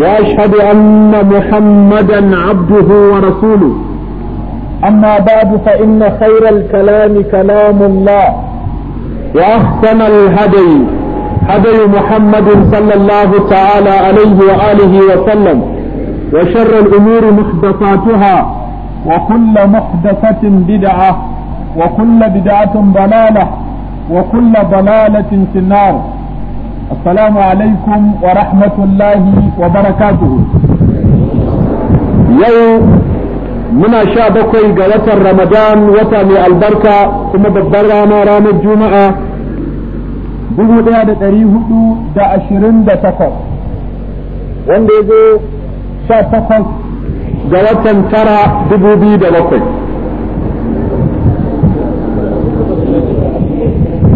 وأشهد أن محمدا عبده ورسوله أما بعد فإن خير الكلام كلام الله وأحسن الهدي هدي محمد صلى الله تعالى عليه وآله وسلم وشر الأمور محدثاتها وكل محدثة بدعة وكل بدعة ضلالة وكل ضلالة في النار السلام عليكم ورحمة الله وبركاته يوم من شابكي قلت رمضان وطني البركة ثم ببرغ مرام الجمعة بغو دي دا تريه دو دا عشرين دا تفر وانده دو شا تفر قلت انترى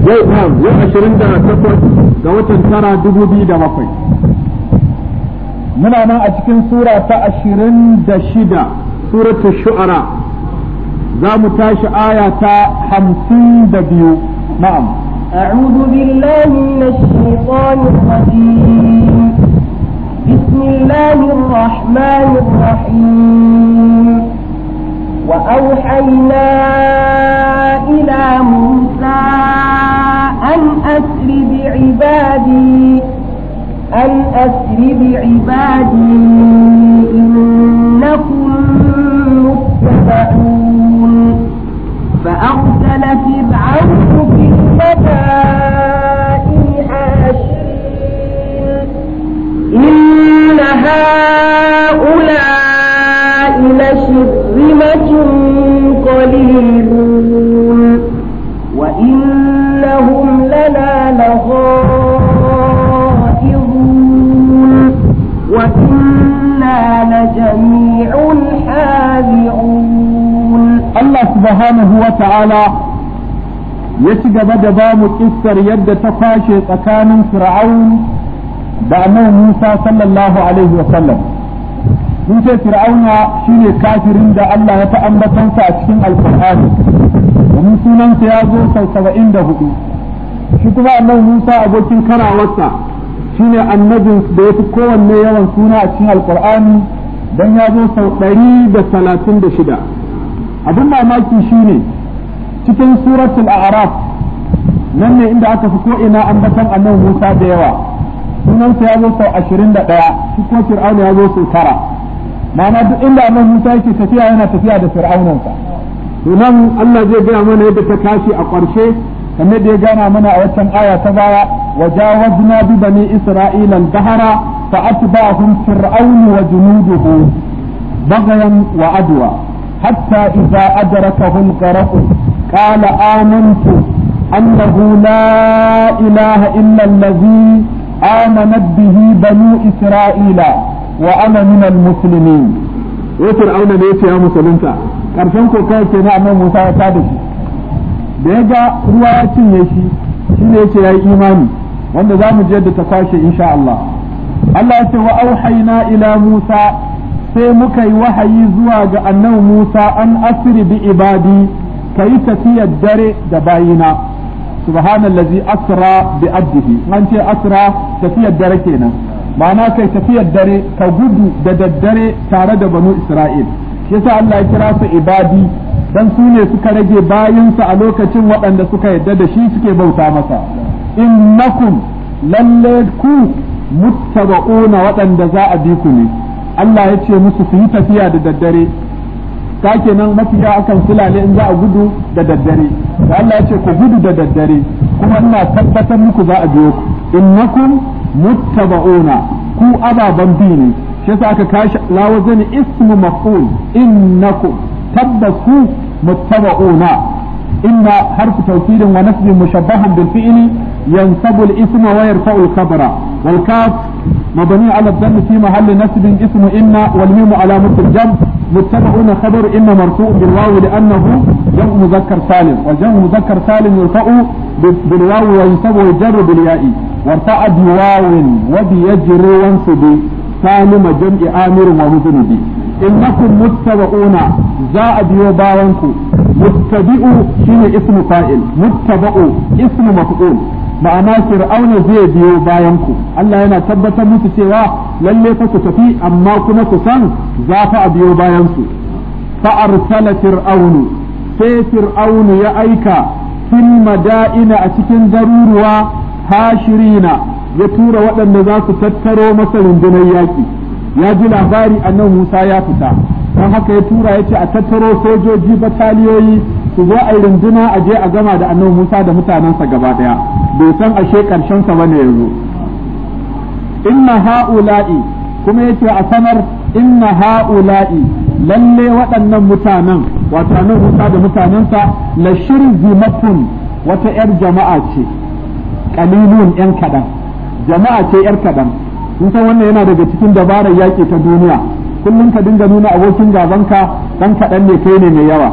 zai yau yau ashirin da takwas ga watan tara dubu biyu da bakwai muna nan a cikin sura ta ashirin da shida suratu shu'ara za mu tashi aya ta hamsin da biyu na'am أعوذ بالله من الشيطان الرجيم بسم الله الرحمن الرحيم وأوحينا إلى موسى عبادي أن أسر بعبادي إنكم متبعون فأرسل فرعون في المدائن حاشرين إن هؤلاء لشرمة قليلون لغائظون وإنا لجميع حاذرون الله سبحانه وتعالى ya ci gaba da ba mu kissar yadda ta kwashe tsakanin fir'aun da annabi Musa sallallahu alaihi wa sallam mun ce fir'auna shine kafirin da Allah ya ta ambatansa a cikin alqur'ani domin sunansa ya zo sau 74 shi kuma annabi Musa abokin karawarsa shine annabin da yafi kowanne yawan suna a cikin alkur'ani dan ya zo sau ɗari da talatin da shida abin mamaki shine cikin suratul a'raf nan ne inda aka fi ko'ina ina ambatan annabi Musa da yawa sunansa ya zo sau ashirin da ɗaya shi kuma fir'auna ya zo sau tara ma'ana duk inda annabi Musa yake tafiya yana tafiya da fir'aunansa to nan Allah zai gaya mana yadda ta tashi a ƙarshe kamar da ya gana mana a wancan aya ta baya wa jawazna bi bani isra'ila al-dahara fa atba'ahum fir'aun wa junuduhu baghyan wa adwa hatta idza adrakahu al-gharq qala amantu annahu la ilaha illa alladhi amanat bihi banu isra'ila wa ana min al-muslimin wa eh, ne ya ce ya musulunta karshen ko kai ke na annabi Musa ya tada shi da ya ga ruwa ya cinye shi shi ne yace yayi imani wanda za mu je da ta kwashe insha Allah Allah ya ce wa auhayna ila Musa sai muka yi wahayi zuwa ga annabi Musa an asiri bi ibadi kai tafiyar dare da bayina subhanallazi asra bi abdihi an ce asra tafiyar dare kenan ma'ana kai tafiyar dare ka gudu da daddare tare da banu Isra'il yasa Allah ya kira su ibadi dan su ne suka rage bayinsa a lokacin waɗanda suka yadda da shi suke bauta masa innakum lalle ku muttaba'una waɗanda za a bi ku ne Allah ya ce musu su yi tafiya da daddare ka kenan mafiya akan filale in za a gudu da daddare da Allah ya ce ku gudu da daddare kuma ina tabbatar muku za a biyo ku innakum muttaba'una ku ababan bi ne shi yasa aka kashi lawazani ismu maf'ul innakum tabbas ku muttaba'una inna har tawkidin wa nasbi mushabbahan bil fi'li yansabu al isma wayar yarfa'u al khabara wal kaf mabni ala al dhamm fi mahalli nasb ismu inna wal mu alamat al jam muttaba'una khabar inna marfu' bil waw li annahu jam' mudhakkar salim wa jam' mudhakkar salim yarfa'u bil waw wa yansabu al jar bil ya'i wa ta'a bi waw wa bi yajri wa sudi salim amir wa mudnibi innakum muttaba'una za a biyo bayan ku muttabi'u shine ismu fa'il muttaba'u ismu maf'ul ma'ana fir'auna zai biyo bayanku. Allah yana tabbatar musu cewa lalle fa ku tafi amma kuma ku san za fa a biyo bayansu. Fa'ar fa arsala fir'aunu sai fir'aunu ya aika fil mada'ina a cikin garuruwa hashirina ya tura waɗanda za su tattaro masa rundunar yaƙi ya ji labari a nan Musa ya fita don haka ya tura ya ce a tattaro sojoji bataliyoyi su zo a yi runduna a je a gama da annan Musa da mutanensa gaba daya bai san ashe karshen sa bane yanzu inna ha'ula'i kuma yace a sanar inna ha'ula'i lalle waɗannan mutanen wato annan Musa da mutanensa la shirzimatun wata yar jama'a ce ƙalilun yan kaɗan jama'a ce yar kaɗan. kun san wannan yana daga cikin dabarar yaƙi ta duniya kullum ka dinga nuna abokin gabanka dan kaɗan ne kai ne mai yawa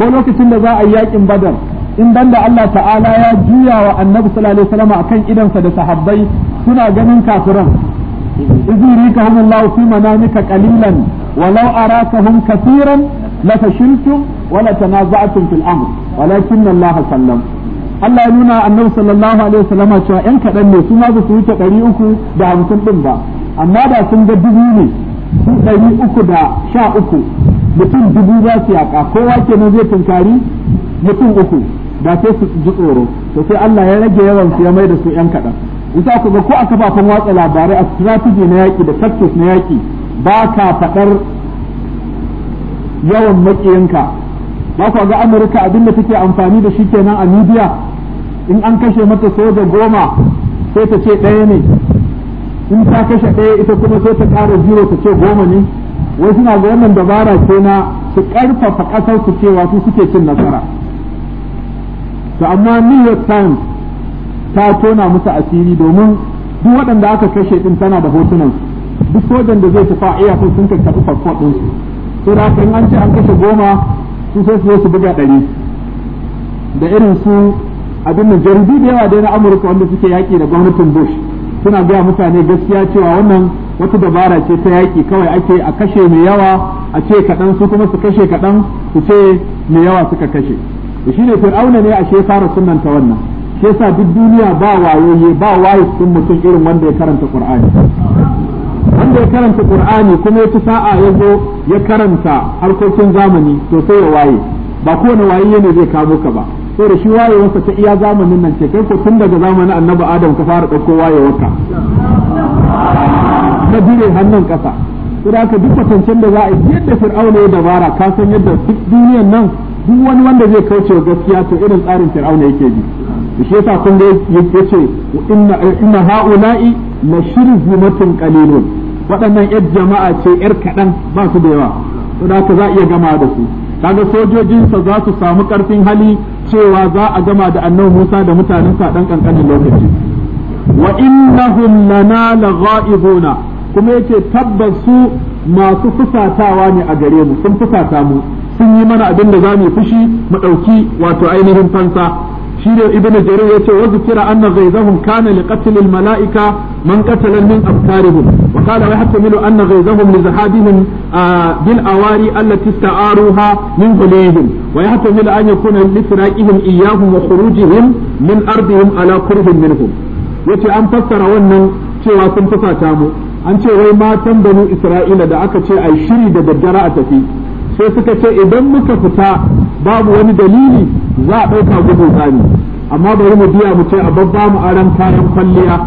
ko lokacin da za a yi yaƙin badar in dan da Allah ta'ala ya juya wa annabi sallallahu alaihi wasallam akan idansa da sahabbai suna ganin kafiran izirikahum Allah fi manamika qalilan walau arakahum kaseeran la fashiltum wa la tanaza'tum fil amr walakin Allah sallam Allah ya nuna annabi sallallahu alaihi wasallama cewa yan kaɗan ne su ma ba su wuce ɗari uku da hamsin ɗin ba amma da sun ga dubu ne su ɗari uku da sha uku mutum dubu za su yaƙa kowa kenan zai tunkari mutum uku da sai su ji tsoro to sai Allah ya rage yawan su ya mai da su yan kaɗan isa ku ga ko a kafafen watsa labarai a strategy na yaƙi da tactics na yaƙi ba ka faɗar yawan maƙiyanka ba ku ga Amurka abin da take amfani da shi kenan a media in an kashe mata soja goma sai ta ce ɗaya ne in ta kashe ɗaya ita kuma sai ta ƙara zero ta ce goma ne wai suna ga wannan dabara ce na su ƙarfafa ƙasar su ce wasu suke cin nasara to amma New York Times ta tona musu asiri domin duk waɗanda aka kashe ɗin tana da hotunan duk sojan da zai tafa iya iyakun sun karɓi fasfot ɗinsu sai da haka in an ce an kashe goma su sai su yi su buga ɗari da irin su abin da jaridu da yawa da na Amurka wanda suke yaƙi da gwamnatin Bush suna gaya mutane gaskiya cewa wannan wata dabara ce ta yaƙi kawai ake a kashe mai yawa a ce kaɗan su kuma su kashe kaɗan su ce mai yawa suka kashe shi ne fir'auna ne a fara sunanta wannan shi yasa duk duniya ba wayoyi ba waye sun mutum irin wanda ya karanta qur'ani wanda ya karanta qur'ani kuma ya ci sa'a ya zo ya karanta harkokin zamani to sai ya waye ba kowane waye ne zai kamo ka ba sai da shi wayewarsa ta iya zamanin nan ce kai ko tun daga zamanin annabi adam ka fara ɗauko wayewarka na dire hannun ƙasa kuma aka duk kwatancen da za a yi yadda fir'auna ya dabara ka san yadda duk duniyan nan duk wani wanda zai kauce gaskiya to irin tsarin fir'auna yake bi da shi yasa kun ce inna inna haula'i la shirzumatun qalilun waɗannan yar jama'a ce yar kaɗan ba su da yawa to da za a iya gama da su kaga sojojinsa za su samu ƙarfin hali cewa za a gama da annabi Musa da mutanen sa dan kankanin lokaci wa innahum lana laghaibuna kuma yake tabbas su masu fusatawa ne a gare mu sun fusata mu sun yi mana abin da za mu fushi mu ɗauki wato ainihin fansa shine ibnu jarir yace wa zikira anna ghaizahum kana li qatl al malaika man qatala min afkarihim wa qala wa yahtamilu anna ghaizahum li zahabihim ah, bil awari allati sta'aruha min hulihim wa yahtamilu an yakuna li firaqihim iyyahum wa khurujihim min ardihim ala kurhin minhum yace an fassara wannan cewa sun fasata mu an ce wai matan banu isra'ila da aka ce ai shiri da daddare a tafi sai suka ce idan muka fita babu wani dalili za a ɗauka gudun tsami amma bari mu biya mu ce a babba mu aron kayan kwalliya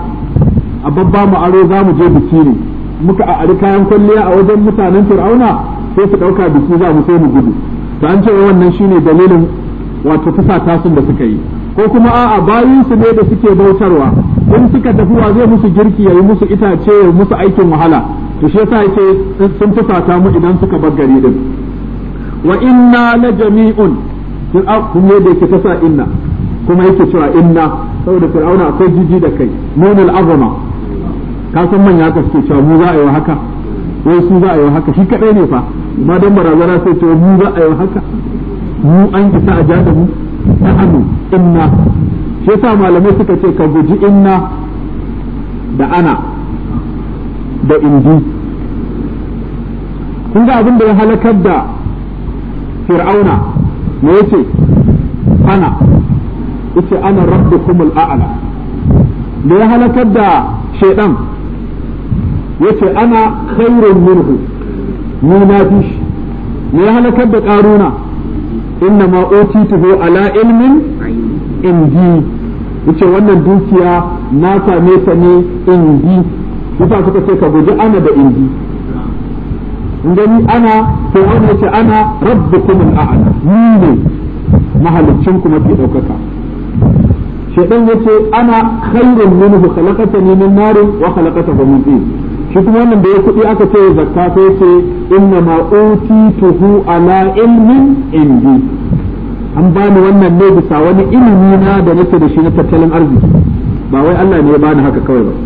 a babba mu aro za mu je biki ne muka a ari kayan kwalliya a wajen mutanen fir'auna sai su ɗauka biki za mu sai mu gudu to an ce wannan shine dalilin wato fusata tasun da suka yi ko kuma a'a bayin su ne da suke bautarwa in suka tafi wa zai musu girki yayi musu itace ya musu aikin wahala to shi yasa yake sun fusata mu idan suka bar gari din wa'inna inna la jami'un fir'aun ne da yake tasa inna kuma yake cewa inna saboda fir'auna akwai jiji da kai nunul azama ka san manya haka suke cewa mu za a yi haka wai za a yi haka shi kaɗai ne fa ma dan barazana sai mu za a yi haka mu an isa a ja mu na'anu inna shi yasa malamai suka ce ka guji inna da ana da inji. kun ga abin da ya halakar da fir'auna me yace ana yace ana rabbukumul a'la da ya halakar da shaidan yace ana khairun minhu ni na fi shi me ya halakar da karuna inna ma utituhu ala ilmin indi yace wannan dukiya na same ta ne indi yasa suka ce ka guji ana da indi in gani ana to wani yace ana rabbukum al'a'la ni ne mahalicin kuma ke daukaka shedan yace ana khairun minhu khalaqatani min nar wa khalaqatahu min tin shi kuma wannan da ya kudi aka ce zakka sai ce inna ma utituhu ala ilmin indi an bani wannan ne bisa wani ilimi na da nake da shi na tattalin arziki ba wai Allah ne ya bani haka kawai ba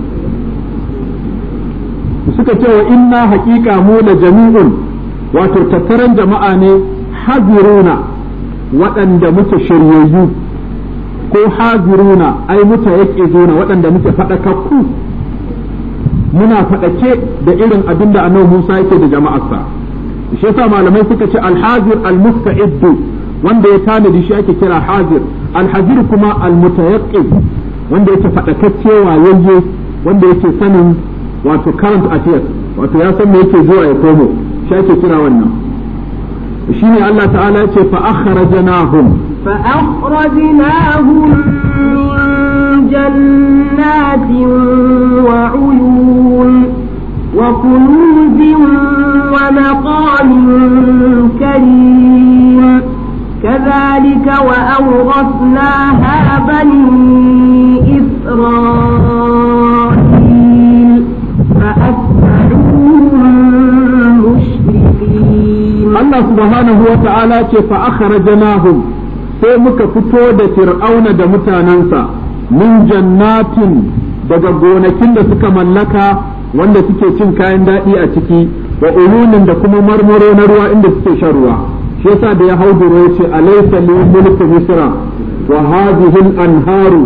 suka ce wa inna haƙiƙa mu da jami'un wato tattaran jama'a ne haziruna waɗanda muke shiryayyu ko haziruna ai muta yake zuna waɗanda muke faɗakakku muna faɗake da irin abin da annabi Musa yake da jama'arsa shi yasa malamai suka ce alhazir almusta'iddu wanda ya tanadi shi ake kira hazir alhazir kuma almutayaqqi wanda yake faɗakacce wayayye wanda yake sanin wato current affairs wato ya san me yake zuwa ya komo shi ake kira wannan shi ne Allah ta'ala yake fa akhrajnahum fa akhrajnahum min jannatin wa uyun wa kunuzin wa maqamin karim كذلك وأورثناها بني إسرائيل Allah subhanahu wa ta'ala ce fa akhrajnahum sai muka fito da fir'auna da mutanensa min jannatin daga gonakin da suka mallaka wanda suke cin kayan daɗi a ciki wa ulunin da kuma marmaro na ruwa inda suke shan ruwa shi yasa da ya hauduro yace alaysa li mulku misra wa hadhihi al-anharu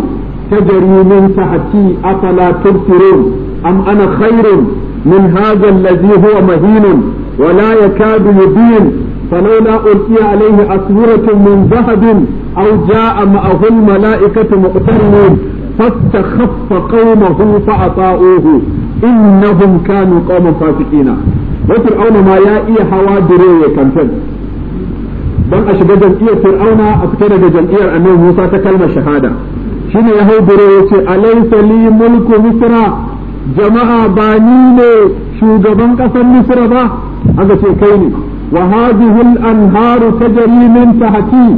tajri min tahti afala tubsirun am ana khairun min hadha alladhi huwa mahinun ولا يكاد يبين فلولا ألقي عليه أسورة من ذهب أو جاء معه الملائكة مقترنين فاستخف قومه فأطاؤوه إنهم كانوا قوما فاسقين وفرعون ما يا إيه هوا دريه كمتن don a shiga jam'iyyar fir'auna a fita daga jam'iyyar annabi Musa ta kalmar shahada shine ya haudure yace alaysa li mulku misra jama'a ba ni ne shugaban ƙasar misra ba aka ce kai ne wa hadhihi al ta tajri min tahti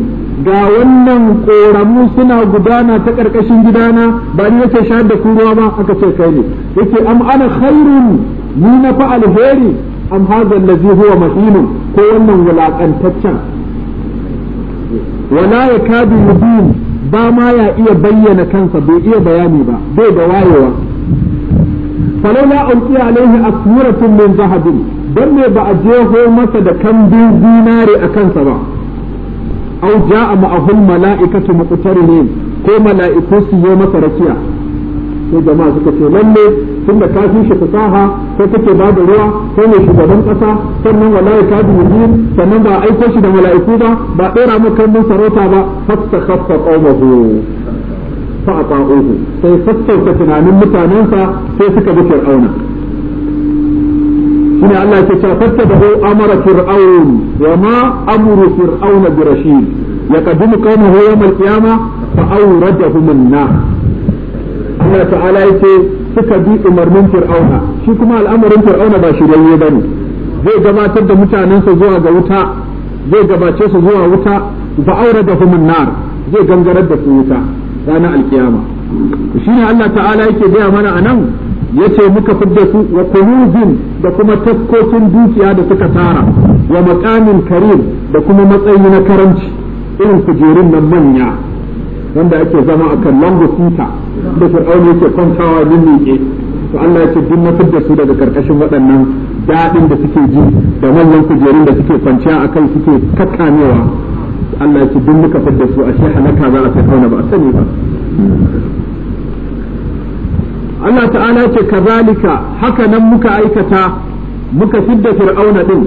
ga wannan koramu suna gudana ta ƙarƙashin gidana ba ni yake shayar da ba aka ce kai ne yake am ana khairun ni na fa alheri am hadha allazi huwa mahinun ko wannan wulakantaccen wala yakadu yubin ba ma ya iya bayyana kansa bai iya bayani ba bai da wayewa فلولا ألقي عليه أسورة من ذهب dan me ba a jeho masa da kambi zinare a kansa ba au ja'a ma'ahul mala'ikatu ne ko mala'iku su yi masa rakiya sai jama'a suka ce lalle tun da kafin shi fasaha sai kake ba da ruwa ko mai shugaban ƙasa sannan wallahi ka bi yin sannan ba a aiko shi da mala'iku ba ba dora maka kambin sarauta ba fasta khaffa qaumahu fa ata'uhu sai sassauta tunanin mutanensa sai suka bi fir'auna shine Allah ke cewa fattabahu amara fir'aun wa ma amru fir'auna bi rashid yaqdimu qawmahu yawm al-qiyamah fa awradahum an-nar Allah ta'ala ce suka bi umarnin fir'auna shi kuma al'amarin fir'auna ba ba bane zai gabatar da mutanensa zuwa ga wuta zai gabace su zuwa wuta fa awradahum an-nar zai gangarar da su wuta ranar alkiyama ne Allah ta'ala yake gaya mana anan yace muka fidda su wa kunuzin da kuma taskokin dukiya da suka tara wa makamin karim da kuma matsayi na karanci irin kujerun nan manya wanda ake zama a kan lango sita da fir'auni yake kwantawa din miƙe to Allah ya ce duk na fidda su daga karkashin waɗannan daɗin da suke ji da manyan kujerun da suke kwanciya akan suke kakkamewa Allah ya ce duk muka fadda su a shi halaka za a fir'auna ba a sani ba Allah ta'ala ce kazalika haka nan muka aikata muka fidda fir'auna din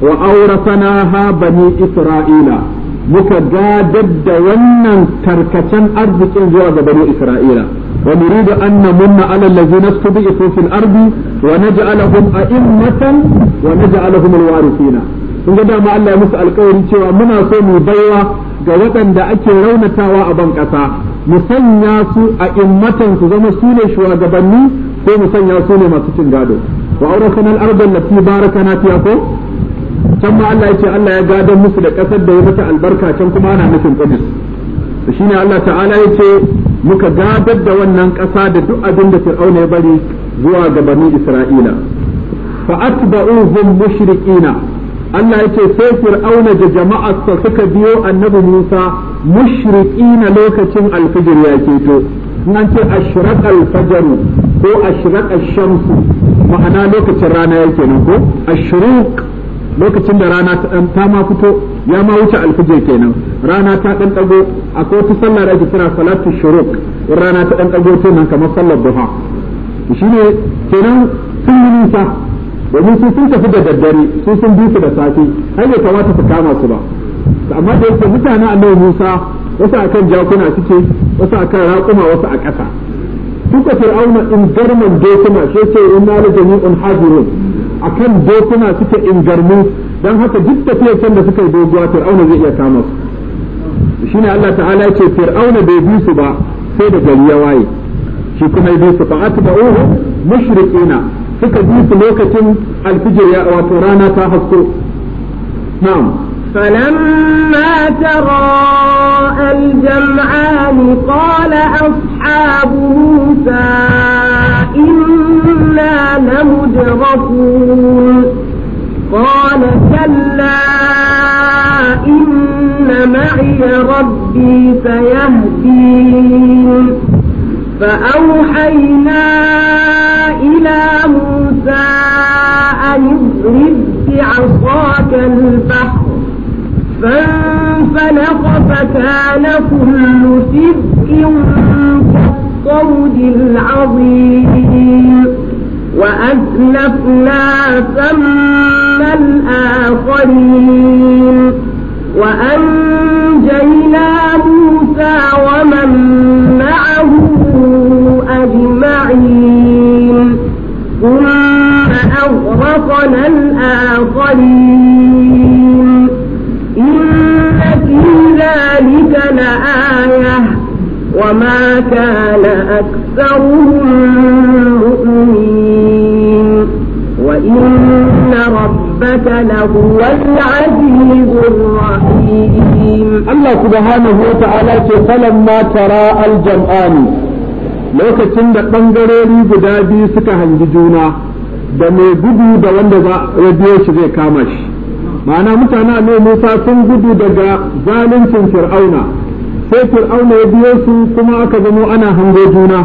wa aurasana ha bani isra'ila muka gadar da wannan tarkacen arzikin zuwa ga bani isra'ila wa nuridu anna namunna ala allazina stubi'u fil ardi wa naj'alahum a'immatan wa naj'alahum alwarithina kun ga dama Allah ya musu alkawari cewa muna so mu baiwa ga waɗanda ake raunatawa a ban ƙasa mu sanya su a immatan su zama su ne shugabanni ko mu sanya su ne masu cin gado wa aurasana al-ardh allati barakana fiha ko can ma Allah yace Allah ya gadon musu da ƙasar da ya mata albarka can kuma ana nufin Qudus to shine Allah ta'ala yace muka gadar da wannan ƙasa da duk abin da Fir'auna ya bari zuwa ga bani Isra'ila fa atba'uhum mushrikina Allah ya ce sai fir'auna da jama'arsa suka biyo annabi Musa mushriqina lokacin alfijir ya keto nan ce ashraq alfajr ko ashraq ash-shams ma'ana lokacin rana yake nan ko ashruq lokacin da rana ta ta ma fito ya ma wuce alfijir kenan rana ta dan dago akwai wata sallar da kira salatu shuruq rana ta dan dago to nan kamar sallar duha shine kenan sun nisa domin su sun tafi da daddare su sun bi su da safe har ya kamata su kama su ba amma da yake a nan Musa wasu akan jakuna suke wasu akan raƙuma wasu a ƙasa duka fir'auna in garman dokuna sai ce na la jami'un hadirun akan dokuna suke in garmu dan haka duk tafiyar can da suka yi doguwa fir'auna zai iya kama su shine Allah ta'ala ce fir'auna bai bi su ba sai da gari ya waye shi kuma ya bi su fa atba'uhu suka bi su lokacin alfijir ya wato rana ta hasko na'am فلما تراءى الجمعان قال أصحاب موسى إنا لمدركون قال كلا إن معي ربي سيهدين فأوحينا إلى موسى أن اضرب بعصاك البحر فانفلق فكان كل سبك كالصوت العظيم وأسلفنا ثم الآخرين وأنجينا موسى ومن وأغرقنا الآخرين إن في ذلك لآية وما كان أكثرهم مؤمنين وإن ربك لهو العزيز الرحيم الله سبحانه وتعالى فلما ترى الجمعان lokacin da ɓangarori guda biyu suka da mai gudu da wanda ya biyo shi zai kama shi ma'ana mutane ne Musa sun gudu daga zaluncin Fir'auna sai Fir'auna ya biyo su kuma aka zamo ana hango juna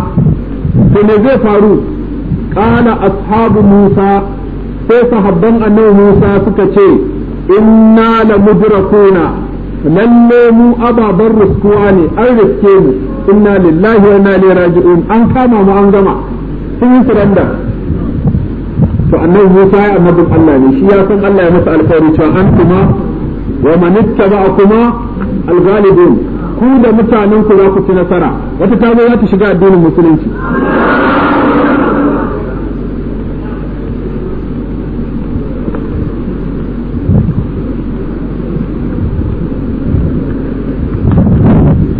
to me zai faru qala ashabu Musa sai sahabban annabi Musa suka ce inna la mudrakuna lalle mu ababan riskuwa ne an riske mu inna lillahi wa inna ilaihi raji'un an kama mu an gama sun yi surrender to annabi Musa ya annabin Allah ne shi ya san Allah ya masa alkhairi cewa kuma wa man ittaba'akuma al-ghalibun ku da mutanen ku za ku ci nasara wata ta zo za ta shiga addinin musulunci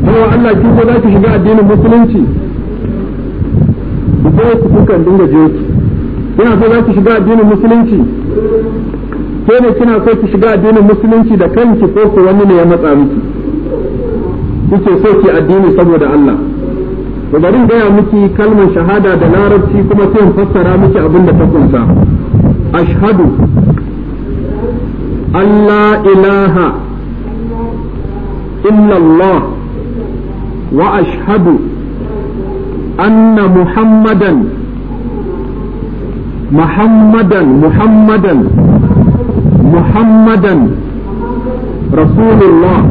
Allah ki ko za ki shiga addinin musulunci ku ku kan dinga je kina so za ki shiga addinin musulunci ke ne kina so ki shiga addinin musulunci da kanki ko ko wani ne ya matsa miki kike so ki addini saboda Allah to bari gaya miki kalmar shahada da larabci kuma sai in fassara miki abin da ta kunsa ashhadu Allah ilaha illallah wa ashhadu anna muhammadan محمدا محمدا محمدا رسول الله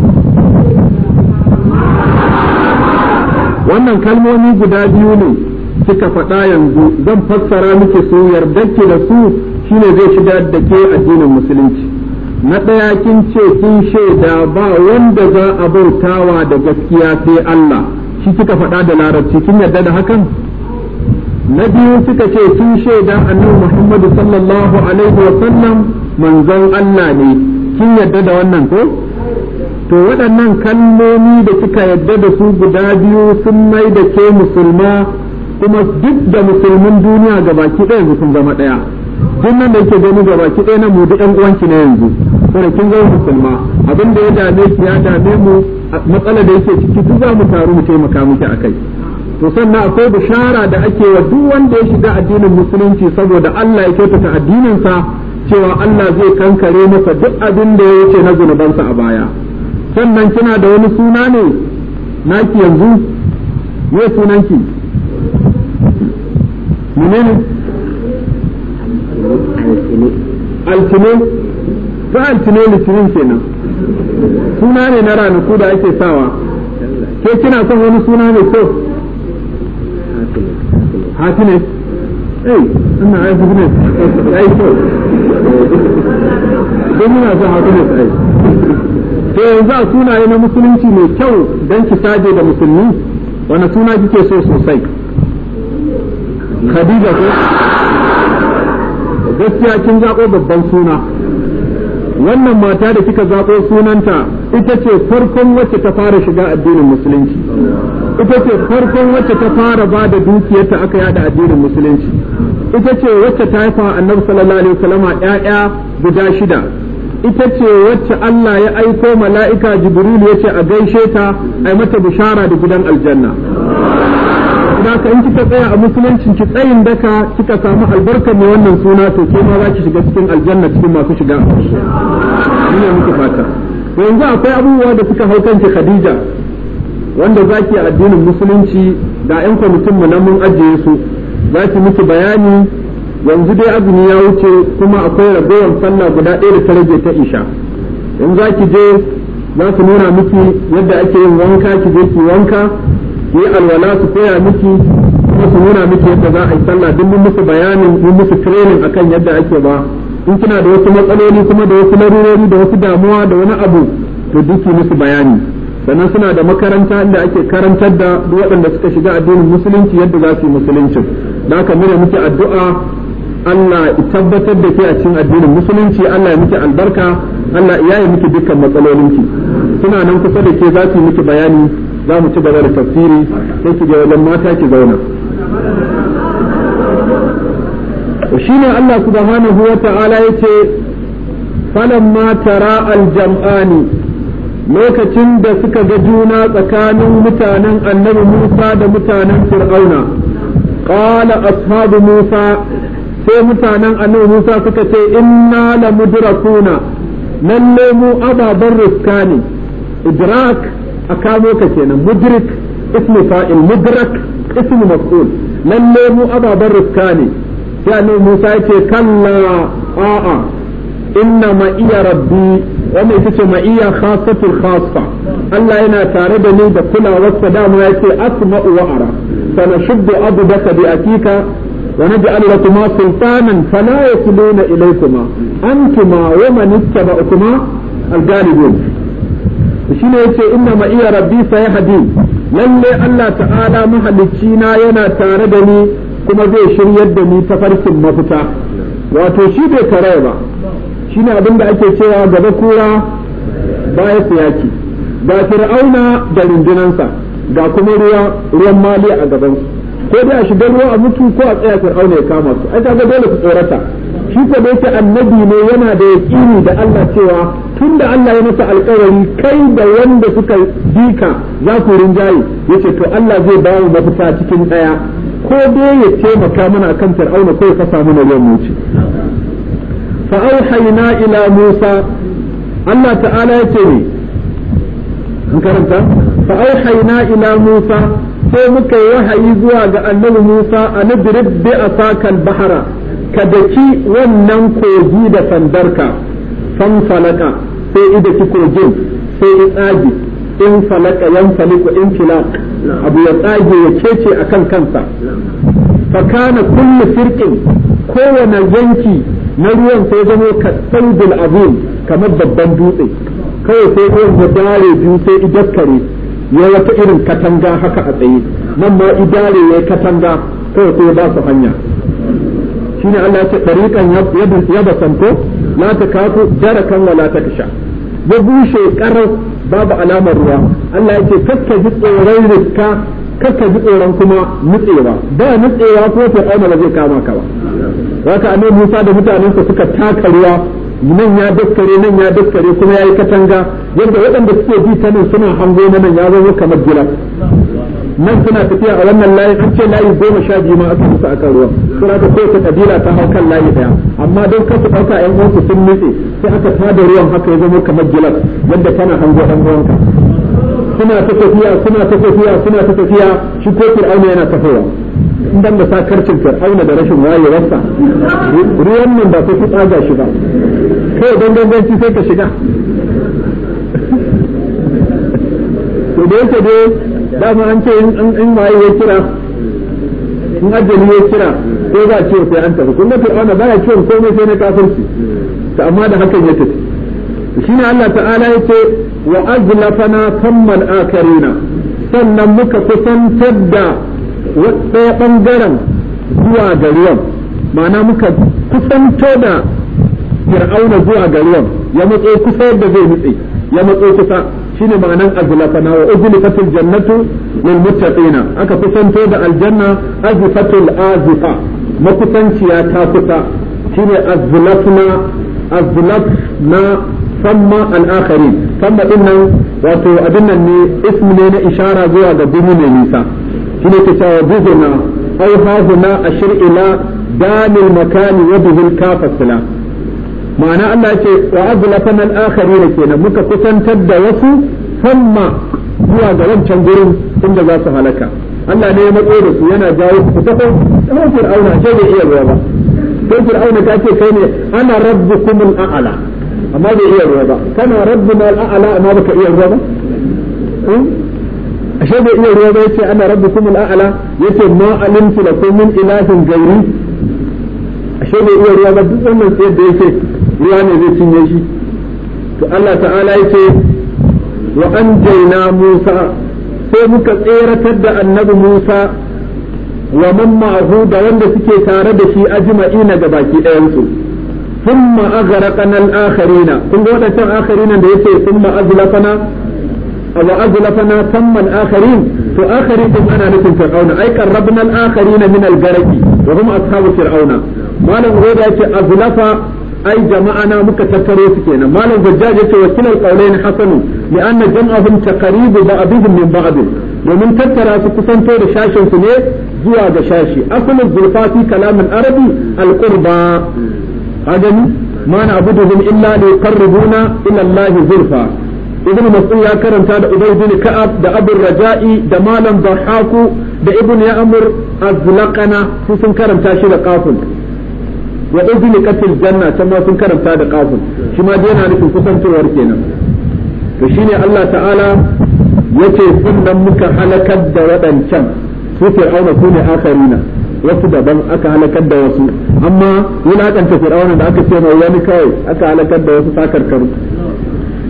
wannan kalmomi guda biyu ne kika faɗa yanzu zan fassara miki su yardarki da su shine zai shiga da ke addinin musulunci na ɗaya kin ce kin shaida ba wanda za a bautawa da gaskiya sai Allah shi kika faɗa da larabci kin yarda da hakan na biyu suka ce tun shaidan annabi muhammadu sallallahu alaihi wa sallam manzon Allah ne kin yadda da wannan ko to waɗannan kalmomi da kika yadda da su guda biyu sun mai da ke musulma kuma duk da musulmin duniya baki ɗaya yanzu sun zama ɗaya duk nan da yake gani ga baki ɗaya na mu duk ɗan uwanki na yanzu saboda kin zama musulma abin da ya dame ki ya dame mu matsalar da yake ciki duk za mu taru mu taimaka miki akai to sannan akwai bishara da ake wa duk wanda ya shiga addinin musulunci saboda Allah ya kyautata addininsa cewa Allah zai kankare masa duk abin da ya wuce na zunubansa a baya sannan kina da wani suna ne naki yanzu me sunanki menene ba ta altine litinin kenan suna ne na ranaku da ake sawa ke kina son wani suna ne ko hatine eh ina ai ne ai so don muna son ai to yanzu a sunaye na musulunci mai kyau don ki saje da musulmi wani suna kike so sosai khadija ko gaskiya kin zaɓo babban suna wannan mata da kika zaɓo sunanta ita ce farkon wacce ta fara shiga addinin musulunci ita ce farkon wacce ta fara ba da dukiyarta aka yada addinin musulunci ita ce wacce ta haifa annabi sallallahu alaihi wasallama ƴaƴa guda shida ita ce wacce Allah ya aiko mala'ika Jibril ya ce a gaishe ta ai mata bishara da gidan aljanna saboda haka in kika tsaya a musuluncin ki tsayin daka kika samu albarkar ne wannan suna to ke ma za ki shiga cikin aljanna cikin masu shiga ne muke fata yanzu akwai abubuwa da suka hau kanki Khadija wanda zaki a addinin musulunci da ƴan kwamitin mu nan mun ajiye su zaki miki bayani yanzu dai azumi ya wuce kuma akwai ragowar sallah guda ɗaya da ta rage ta isha yanzu za ki je za su nuna miki yadda ake yin wanka ki je ki wanka yi alwala su koya miki su nuna miki yadda za a yi sallah duk mun musu bayanin mun musu training akan yadda ake ba in kina da wasu matsaloli kuma da wasu larurori da wasu damuwa da wani abu to duk musu bayani sannan suna da makaranta inda ake karantar da waɗanda suka shiga addinin musulunci yadda za su yi musulunci da haka muna miki addu'a Allah ya tabbatar da ke a cikin addinin musulunci Allah ya miki albarka Allah ya yi miki dukkan matsalolinki suna nan kusa da ke za su yi miki bayani za mu ci gaba da tafsiri sai ki je wajen mata ki zauna shine Allah subhanahu wa ta'ala falan ma tara al-jam'ani lokacin da suka ga juna tsakanin mutanen annabi Musa da mutanen Fir'auna qala ashabu Musa sai mutanen annabi Musa suka ce inna lamudrakuna lalle mu ababan riska idrak a kamo ka kenan mudrik ismu fa'il mudrak ismu maf'ul lalle mu ababan rifka ne sai annabi Musa yake kalla a'a inna ma iya rabbi wanda ita ce ma iya khasatul khassa Allah yana tare da ni da kulawarsa da mu yake asma'u wa ara sana shuddu abdaka bi akika ونجعل لكما سلطانا فلا يصلون إليكما أنتما ومن اتبعكما الغالبون ya ce inda ma iya rabbi hadi lalle Allah ta'ala mahalicci na yana tare da ni kuma zai shiryar da ni ta farkin mafita wato shi bai kare ba shine abin da ake cewa gaba kura baya siyaki ga fir'auna da rundunansa ga kuma ruwa ruwan mali a gaban ko dai a shiga ruwa a mutu ko a tsaya fir'auna ya kama su ai kaga dole su tsorata shi ko da yake annabi ne yana da yaƙini da Allah cewa tunda Allah ya masa alƙawari kai da wanda suka jika za ku rinjaye yace to Allah zai ba mu mafita cikin ɗaya ko dai ya taimaka mana akan fir'auna ko ka samu mana mu ci fa auhayna ila Musa Allah ta'ala yace ne an karanta fa auhayna ila Musa sai muka yi wahayi zuwa ga annabi Musa a nadrib bi asakal bahra ka daci wannan kogi da sandarka san falaka sai ida ki kogin sai ya tsage in falaka yan faliku in fila abu ya tsage ya cece a kan kansa fa kana kullu firqin kowane yanki na ruwan sai zamo ka tsangul azim kamar babban dutse kawai sai ruwan ya dare biyu sai idakkare ya wata irin katanga haka a tsaye nan ma idare ya katanga kawai sai ba su hanya shine Allah ya ce ba santo ko la takafu jarakan ta takasha ya bushe karar babu alamar ruwa Allah ya ce kakka ji tsoron riska kakka ji tsoron kuma nutsewa ba nutsewa ko fir'auna ba zai kama ka ba haka annabi Musa da mutanensa suka taka ruwa nan ya daskare nan ya daskare kuma yayi katanga yadda waɗanda suke bi ta nan suna hango na nan ya zama kamar gilas nan suna tafiya a wannan layi har ce layi goma sha biyu ma aka musu akan ruwan suna ka ko ta kabila ta hau kan layi daya amma don kar su ɗauka yan uwansu sun nutse sai aka tada ruwan haka ya zama kamar gilas yadda tana hango ɗan uwanka suna ta tafiya suna ta tafiya suna ta tafiya shi ko fir'auna yana tafiya in dan da sakarcin fir'auna da rashin wayewarsa ruwan nan ba sai ku tsaga shi ba kai don ganganci sai ka shiga to da yake dai dama an ce in ma ya kira in ajali ya kira ko za a sai an tafi kun ga fir'auna baya kiwon komai sai na kafirci to amma da hakan ya tafi shine Allah ta'ala ce wa azlafana kammal akarina sannan muka kusantar da ɗaya bangaren zuwa ga ruwan ma'ana muka kusanto da fir'auna zuwa ga ruwan ya matso kusa yadda zai nutse ya matso kusa shine ma'anan azlafana wa uzlifatil jannatu lil muttaqina aka kusanto da aljanna azfatul azifa makusanciya ta kusa shine azlafna azlafna samma al'akari akharin samma dinnan wato abin nan ne ismi ne na ishara zuwa ga dini mai nisa shine ta cewa buzuna au hazuna ashir ila damil makani wa bihil ma'ana Allah ce wa azlafana al-akharin kenan muka kusantar da wasu samma zuwa ga wancan gurin inda za su halaka Allah ne ya matso da su yana jawo ku ta kan dan Fir'auna ce bai iya ruwa ba dan Fir'auna ta ce kai ne ana rabbukum al-a'la amma bai iya ruwa ba kana rabbuna al-a'la amma baka iya ruwa ba ashe bai iya ruwa ba yace ana rabbukum al-a'la yace ma alimtu lakum min ilahin ghairi ashe bai iya ruwa ba duk wannan sai da yake ruwa ne zai cinye shi to Allah ta'ala yake wa anjayna Musa sai muka tseratar da annabi Musa wa man ma'ahu da wanda suke tare da shi ajma'ina ga baki ɗayan su thumma aghraqna al-akharina kun ga wadannan akharina da yake thumma azlafana wa azlafana thumma al-akharin to akharin din ana nufin fir'auna ai qarrabna al-akharina min al-garqi wa hum ashabu fir'auna malam goda yace azlafa ai jama'a na muka tattaro su kenan malam zajjaj yace wakilal qawlain hasanu li anna jam'ahum taqribu ba'dihim min ba'd domin tattara su kusanto da shashin su ne zuwa ga shashi asalin zulfati kalamin arabi alqurba hadani ma na abuduhum illa li yuqarribuna ila allah zulfa ibn mas'ud ya karanta da ubay ka'ab da abu raja'i da malam dhahaku da ibn ya'mur azlaqana su sun karanta shi da kafin. wa udkhulu qatil janna can ma sun karanta da ƙafin shi ma dai yana nufin kusantowar kenan to ne Allah ta'ala yace sunan muka halakar da wadancan su fir'auna su ne akarina wasu daban aka halakar da wasu amma wulakanta fir'auna da aka ce mai wani kawai aka halakar da wasu sakarkaru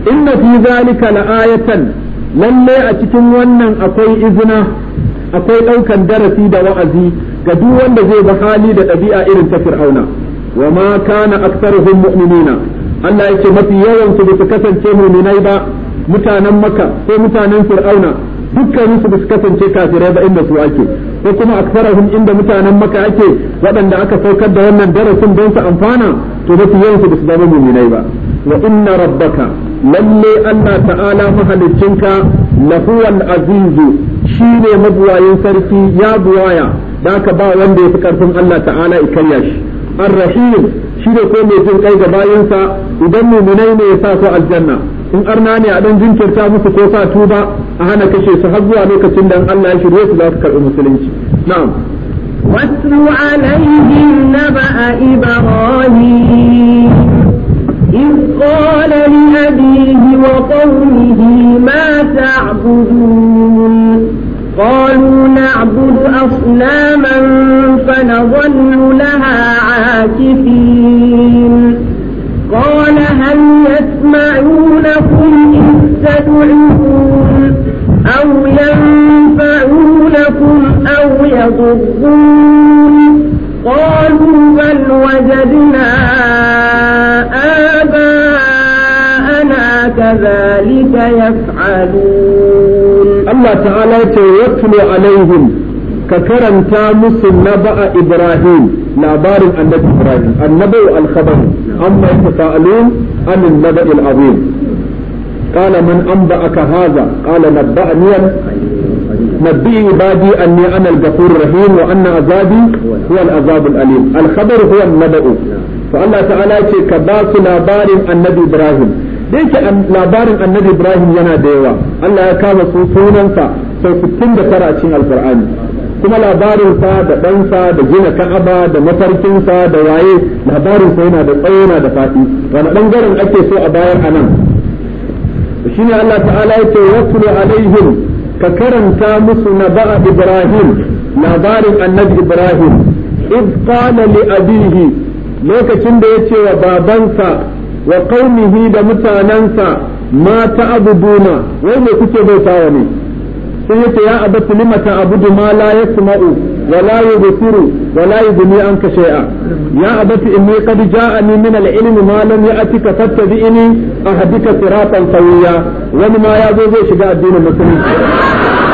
inna fi zalika la'ayatan lalle a cikin wannan akwai izina akwai ɗaukan darasi da wa'azi ga duk wanda zai bi hali da ɗabi'a irin ta fir'auna wa ma kana aktsaruhum mu'minina Allah ce mafi yawan su kasance mu'minai ba mutanen Makka ko mutanen Fir'auna dukkanin su bisa kasance kafirai ba inda su ake ko kuma aktsaruhum inda mutanen maka ake waɗanda aka saukar da wannan darasin don su amfana to mafi yawan su zama mu'minai ba wa inna rabbaka lalle Allah ta'ala mahalicinka lahuwal azizu shine mabuwayin sarki ya buwaya da ka ba wanda ya fi karfin Allah ta'ala ikarya shi ar-rahim ko mai jin ga bayansa idan muminai ne ya sa su aljanna in arna ne a dan jinkirta musu ko sa tuba a hana kashe su har zuwa lokacin da Allah ya shirye su za su karbi musulunci na'am واتل عليهم نبأ إبراهيم إذ قال لأبيه وقومه ما تعبدون قالوا نعبد أصناما فنظل لها عاكفين قال هل يسمعونكم إذ تدعون أو ينفعونكم أو يضرون قالوا بل وجدنا آباءنا كذلك يفعلون الله تعالى يتلو عليهم ككرم تامس النبأ إبراهيم لابار النبي إبراهيم النبي الخبر أما يتساءلون عن النبأ العظيم قال من أنبأك هذا قال نبأني نبي عبادي أني أنا الغفور الرحيم وأن عذابي هو العذاب الأليم الخبر هو النبأ فالله تعالى كباك لابار النبي إبراهيم da yake labarin annabi ibrahim yana da yawa Allah ya kama su sunansa sau 69 a cikin alkur'ani kuma labarinsa da ɗansa da gina ka'aba da mafarkinsa da waye labarinsa yana da tsawo yana da faɗi wani ɓangaren ake so a bayar a nan shine Allah ta'ala ya ce wasu alaihim ka karanta musu na ba'a ibrahim labarin annabi ibrahim iz qala li abihi lokacin da ya ce wa babansa wa qaumihi da mutanansa ma ta'buduna wai me kuke bautawa ne sai yace ya abatu limata abudu ma la yasma'u wa la yubsiru wa la yughni anka shay'a ya abatu inni qad ja'ani min al-ilmi ma lam ya'tika a ahdika siratan sawiya wani ma ya zo zai shiga addinin musulunci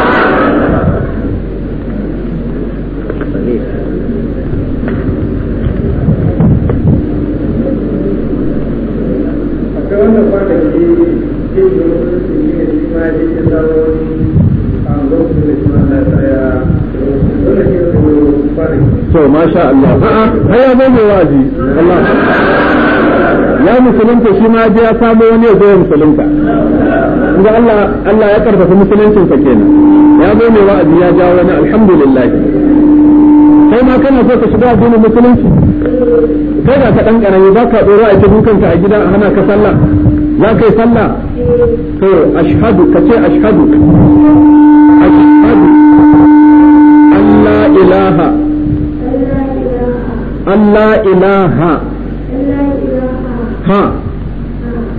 to sha Allah a'a ya zama wazi Allah ya musulunta shi ma ya samu wani ya zo ya musulunta inda Allah Allah ya karfafa musuluncin sa kenan ya zo mai wa'azi ya jawo wani alhamdulillah kai ma kana so ka shiga addinin musulunci kai ba ka dan karami za ka dora a dukan ka a gida a hana ka sallah za ka yi sallah to ashhadu ka ce ashhadu ashhadu Allah ilaha Allah ilaha ha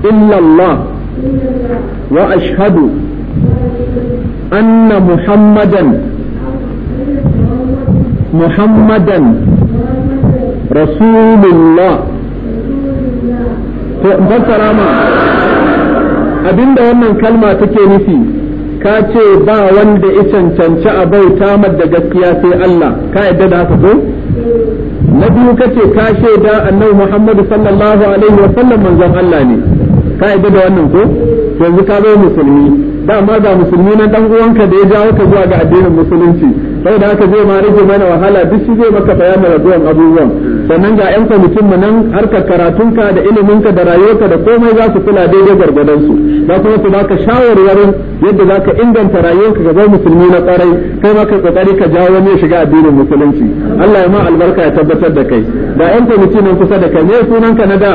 إلا الله وأشهد Muhammadan, محمدا محمدا رسول الله fassara ma abinda wannan kalma take nufi ka ce ba wanda ya cancanci a bauta da gaskiya sai Allah ka yadda da haka ko na biyu kace ka shaida annabi muhammadu sallallahu alaihi wa sallam manzon Allah ne ka yi da wannan ko yanzu ka zo musulmi dama ga musulmi na dan uwanka da ya jawo ka zuwa ga addinin musulunci sai da haka zai ma rage mana wahala duk shi zai maka bayanin rabuwan abubuwan sannan ga yan kwamitin mu nan harkar karatunka da iliminka da rayuwarka da komai za su kula daidai gwargwadon su za kuma su baka shawarwarin yadda za ka inganta rayuwarka ka zama musulmi na kwarai kai ma ka kokari ka jawo wani ya shiga addinin musulunci Allah ya ma albarka ya tabbatar da kai da yan kwamiti nan kusa da kai ne sunanka na da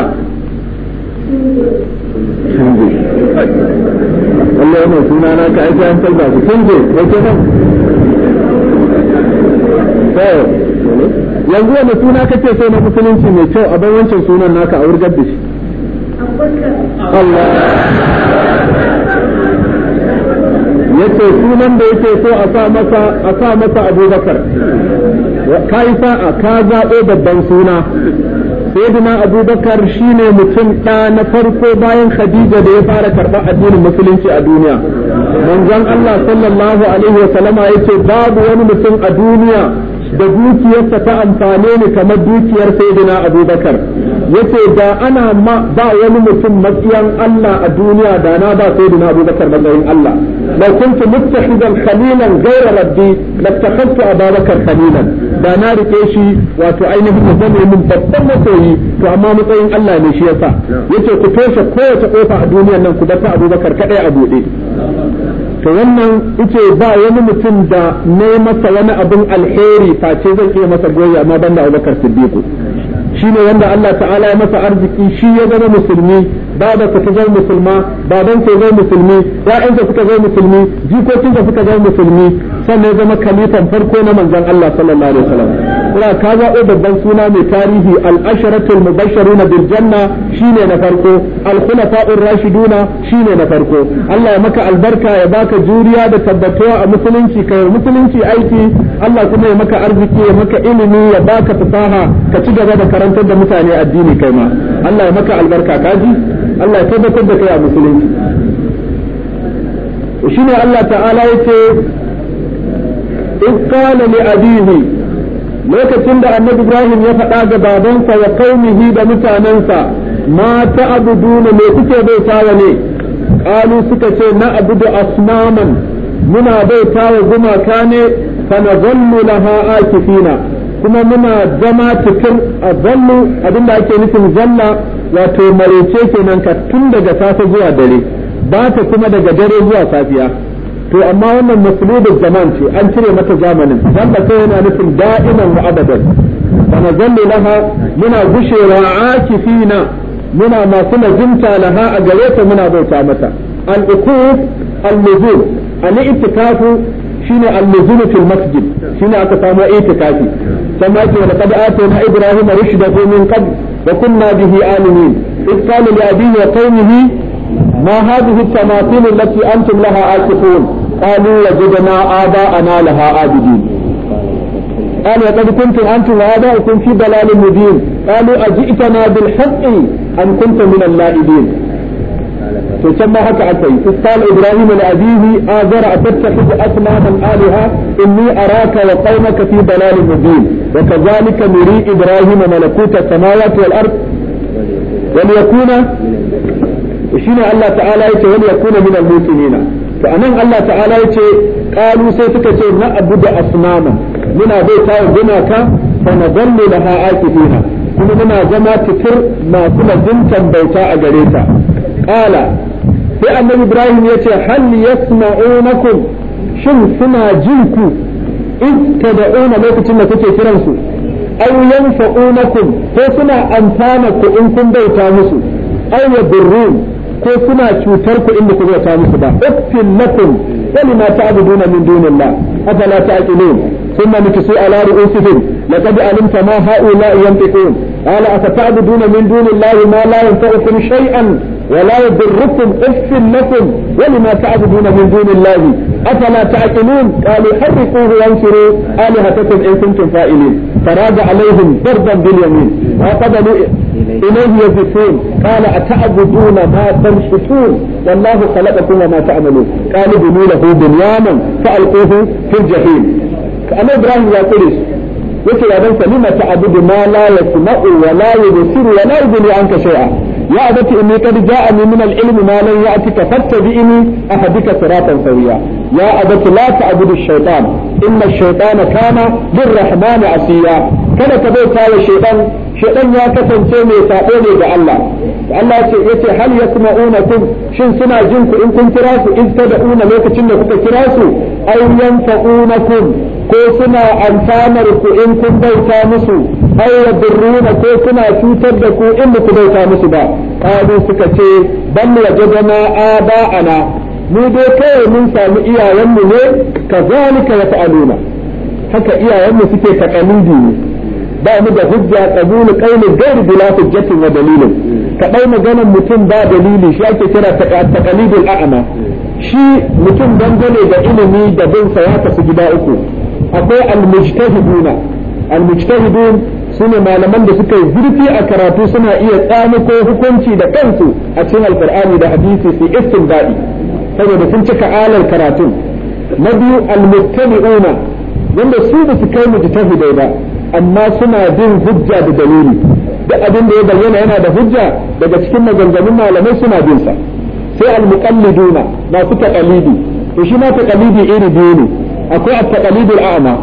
Allah yana suna na ka aiki an talba su tunje wake nan yanzu wani suna kace sai na musulunci mai kyau a bai wancan sunan naka a wurgar da shi yace sunan da yake so a sa masa a sa masa Abubakar kai sa'a ka zaɓo babban suna sayyidina Abubakar shine mutum ɗa na farko bayan Khadija da ya fara karɓar addinin musulunci a duniya manzon Allah sallallahu alaihi wa sallama yace babu wani mutum a duniya da dukiyarsa ta amfane ni kamar dukiyar sayyidina Abubakar yace da ana ma ba wani mutum matsayin Allah a duniya da na ba sai dina Abu Bakar matsayin Allah la kuntu muttahidan khalilan ghayra rabbi lattakhantu Abu Bakar khalilan da na rike shi wato ainihin da zama min babban masoyi to amma matsayin Allah ne shi yasa yace ku toshe kowace kofa a duniyar nan ku dafa Abu Bakar kadai a bude to wannan ice ba wani mutum da ne masa wani abin alheri face zan iya masa goyi amma banda Abubakar Siddiq ne wanda Allah ta'ala ya masa arziki shi ya zama musulmi ba ka ta zama musulma baban ka zama musulmi ya'yan ka suka zama musulmi jikokin ka suka zama musulmi sannan ya zama kalifan farko na manzon Allah sallallahu alaihi wasallam na ka zaɓo babban suna mai tarihi al-asharatul mubashshiruna bil janna shine na farko al-khulafa'ur rashiduna shine na farko Allah ya maka albarka ya baka juriya da tabbatuwa a musulunci kai musulunci aiki Allah kuma ya maka arziki ya maka ilimi ya baka fasaha ka ci gaba da karantar da mutane addini kai ma Allah ya maka albarka kaji Allah ya tabbatar da kai a musulunci shine Allah ta'ala yake إذ قال لأبيه lokacin da annabi ibrahim ya faɗa ga babansa ya kaumihi da mutanensa ma ta ne me kuke tawa ne qalu suka ce na abudu asnaman muna wa gumaka ne fa nazallu laha akifina kuma muna zama cikin azallu abinda ake nufin zalla wato marece kenan ka tun daga safe zuwa dare ba ta kuma daga dare zuwa safiya to amma wannan masulubin zaman ce an cire mata zamanin zan da kai yana nufin da'iman wa abadan fa nazallu laha muna gushe wa akifina muna masu najinta laha a gare ta muna bauta mata al-ukuf al-nuzul al-i'tikafu shine al-nuzul fil masjid shine aka samu i'tikafi ce da kada na ibrahim لقد ko min رشده wa kunna bihi alimin عالمين إذ قال wa qaumihi ما هذه التماثيل التي أنتم لها عاكفون قالوا وجدنا آباءنا لها عابدين قالوا وقد كنتم أنتم وآباؤكم في ضلال مبين قالوا أجئتنا بالحق أن كنتم من اللائبين فسمى حتى عتي قال إبراهيم لأبيه آذر أتتخذ أصناما الآلهة إني أراك وقومك في ضلال مبين وكذلك نري إبراهيم ملكوت السماوات والأرض وليكون وشين الله تعالى وليكون من الموقنين to anan Allah ta'ala ya ce qalu sai suka ce na abu da asnama muna bai guna ka fa na da laha akifina kuma muna zama titir masu lazimtan bauta a gare ta qala sai annabi Ibrahim ya ce hal yasma'unakum shin suna jin ku in tad'una lokacin da kuke su aw yanfa'unakum ko suna amfana ku in kun bauta musu aw yadurrun ko suna cutar ku inda ku bauta musu ba uffin lakum walima ta'buduna min dunillah afala ta'qilun ثم نكسوا على رؤوسهم لقد علمت ما هؤلاء ينطقون قال أفتعبدون من دون الله ما لا ينفعكم شيئا ولا يضركم اف لكم ولما تعبدون من دون الله افلا تعقلون قالوا حرقوه وانشروا الهتكم ان كنتم فاعلين فراد عليهم ضربا باليمين فقبلوا إليه يزفون قال أتعبدون ما تنشفون والله خلقكم وما تعملون قالوا بنوا له بنياما فألقوه في الجحيم أما إبراهيم يا قريش yake يا lima لما تعبد ما لا يسمع ولا يبصر ولا la عنك شيئا يا أبت إني قد جاءني من العلم ما لم يأتك فاتبعني أهدك صراطا سويا يا أبت لا تعبد الشيطان إن الشيطان كان للرحمن عصيا kada ka bai kawo shaidan shaidan ya kasance mai sabo ne ga Allah Allah ce yace hal yasma'unakum shin suna jin ku in kun kira su in tad'una lokacin da kuka kira su ay yanfa'unakum ko suna amfanar ku in kun bauta musu ay yadurruna ko suna cutar da ku in ku bauta musu ba kawo suka ce bal wajadana aba'ana mu dai kawai mun samu iyayenmu ne kazalika yaf'aluna haka iyayenmu suke takalidi ne ba mu da hujja qabulu qawli ghairi bila hujjatin wa dalilin Kaɗai maganar mutum ba dalili shi ake kira taqalidul a'ma shi mutum dangane da ilimi da bin sa ya tafi gida uku akwai almujtahiduna mujtahiduna sune malaman da suka yi zurfi a karatu suna iya ko hukunci da kansu a cikin alqur'ani da hadisi su istinbadi saboda sun cika alar karatun na biyu al wanda su ba su kai mujtahidai ba amma suna bin hujja da dalili duk abin da ya bayyana yana da hujja daga cikin maganganun malamai suna bin sa sai al-muqalliduna masu taqalidi to shi ma taqalidi iri biyu ne akwai at-taqalidul a'ma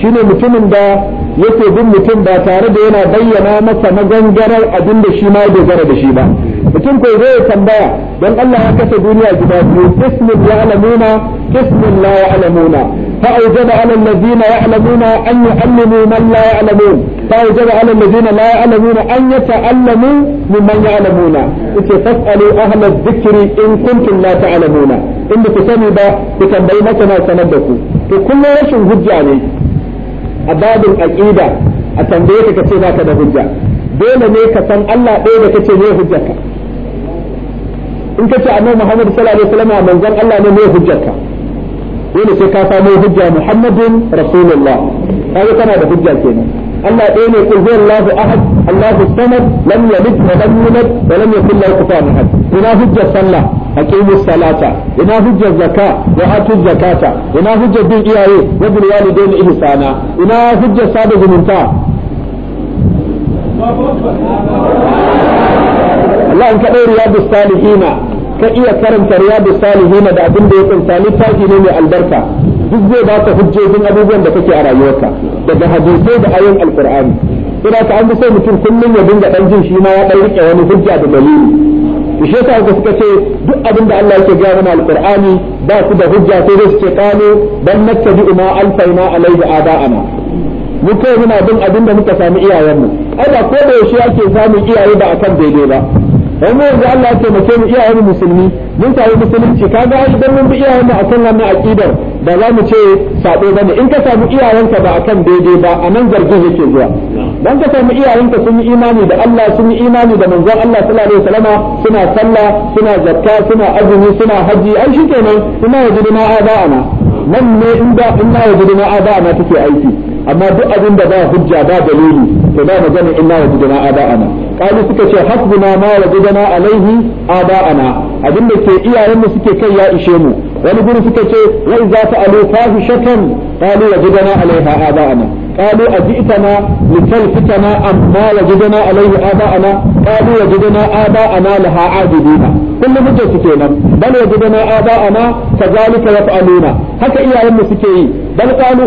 shine mutumin da yake bin mutum ba tare da yana bayyana masa maganganar abin da shi ma ya dogara da shi ba mutum ko zai tambaya don Allah ya kasa duniya gida biyu ismin ya alamuna ismin la alamuna فأوجب على الذين يعلمون أن يعلموا من لا يعلمون فأوجب على الذين لا يعلمون أن يتعلموا ممن يعلمون فاسألوا أهل الذكر إن كنتم لا تعلمون إن تسمي با تتنبي مثلا سندكوا فكل رشن هجة ne a babin aƙida a tambaye kace baka da hujja dole ne ka Allah ɗaya da kace ne hujjarka in kace annabi Muhammad sallallahu alaihi manzon Allah ne ne hujjarka dole sai ka samu hujja muhammadin rasulullah kaga kana da hujja kenan Allah ɗaya ne kul huwa Allahu ahad Allahu samad lam yalid wa lam yulad wa lam yakul lahu kufuwan ahad ina hujjar sallah aqimu salata ina hujjar zakka wa atu zakata ina hujjar bin iyaye wa bil walidayni ihsana ina hujjar sada zumunta Allah in ka ɗaya riyadu salihina ka iya karanta riyadu salihina da abin da ya kunsa littafi ne mai albarka duk zai baka hujjojin abubuwan da kake a rayuwarka daga hadisai da ayoyin alkur'ani ina ka an bi sai mutum kullum ya dinga dan jin shi ma ya dan rike wani hujja da dalili shi yasa ka suka ce duk abin da Allah yake gaya mana alkur'ani ba su da hujja sai dai su ce kano dan nattabi'u ma alfaina alaihi aba'ana mu kai muna bin abin da muka sami iyayenmu ai ba ko da yaushe ake samun iyaye ba akan daidai ba dan mu yanzu Allah ya taimake mu iyayen musulmi mun samu musulunci kaga ai dan mun bi iyayen mu akan wannan aqidar da za mu ce sabo bane in ka samu iyayenka ba akan daidai ba a nan zargin yake zuwa dan ka samu iyayenka sun yi imani da Allah sun yi imani da manzon Allah sallallahu alaihi wasallama suna sallah suna zakka suna azumi suna haji ai shikenan ina yajidu ma aba'ana nan ne in da yajidu ma aba'ana take aiki amma duk abin da ba hujja ba dalili to ba magana inna wa jidana aba'ana kalu suka ce hasbuna ma wa jidana alaihi aba'ana abin da ke iyayen mu suke kai ya ishe mu wani guri suka ce wa idza ta'alu fahishatan qalu wa jidana alaiha aba'ana قالوا أجئتنا لتلفتنا عما وجدنا عليه آباءنا قالوا وجدنا آباءنا لها عابدين كل مدة سكينا بل وجدنا آباءنا كذلك يفعلون haka iyayenmu ke yi bal qalu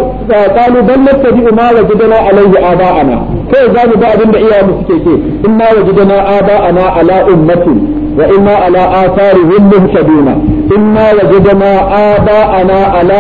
qalu bal nattabi ma wajadna alayhi aba'ana kai za mu ba abin da iyayenmu suke ke inna wajadna aba'ana ala ummatin wa inna ala atharihim muhtaduna inna wajadna ala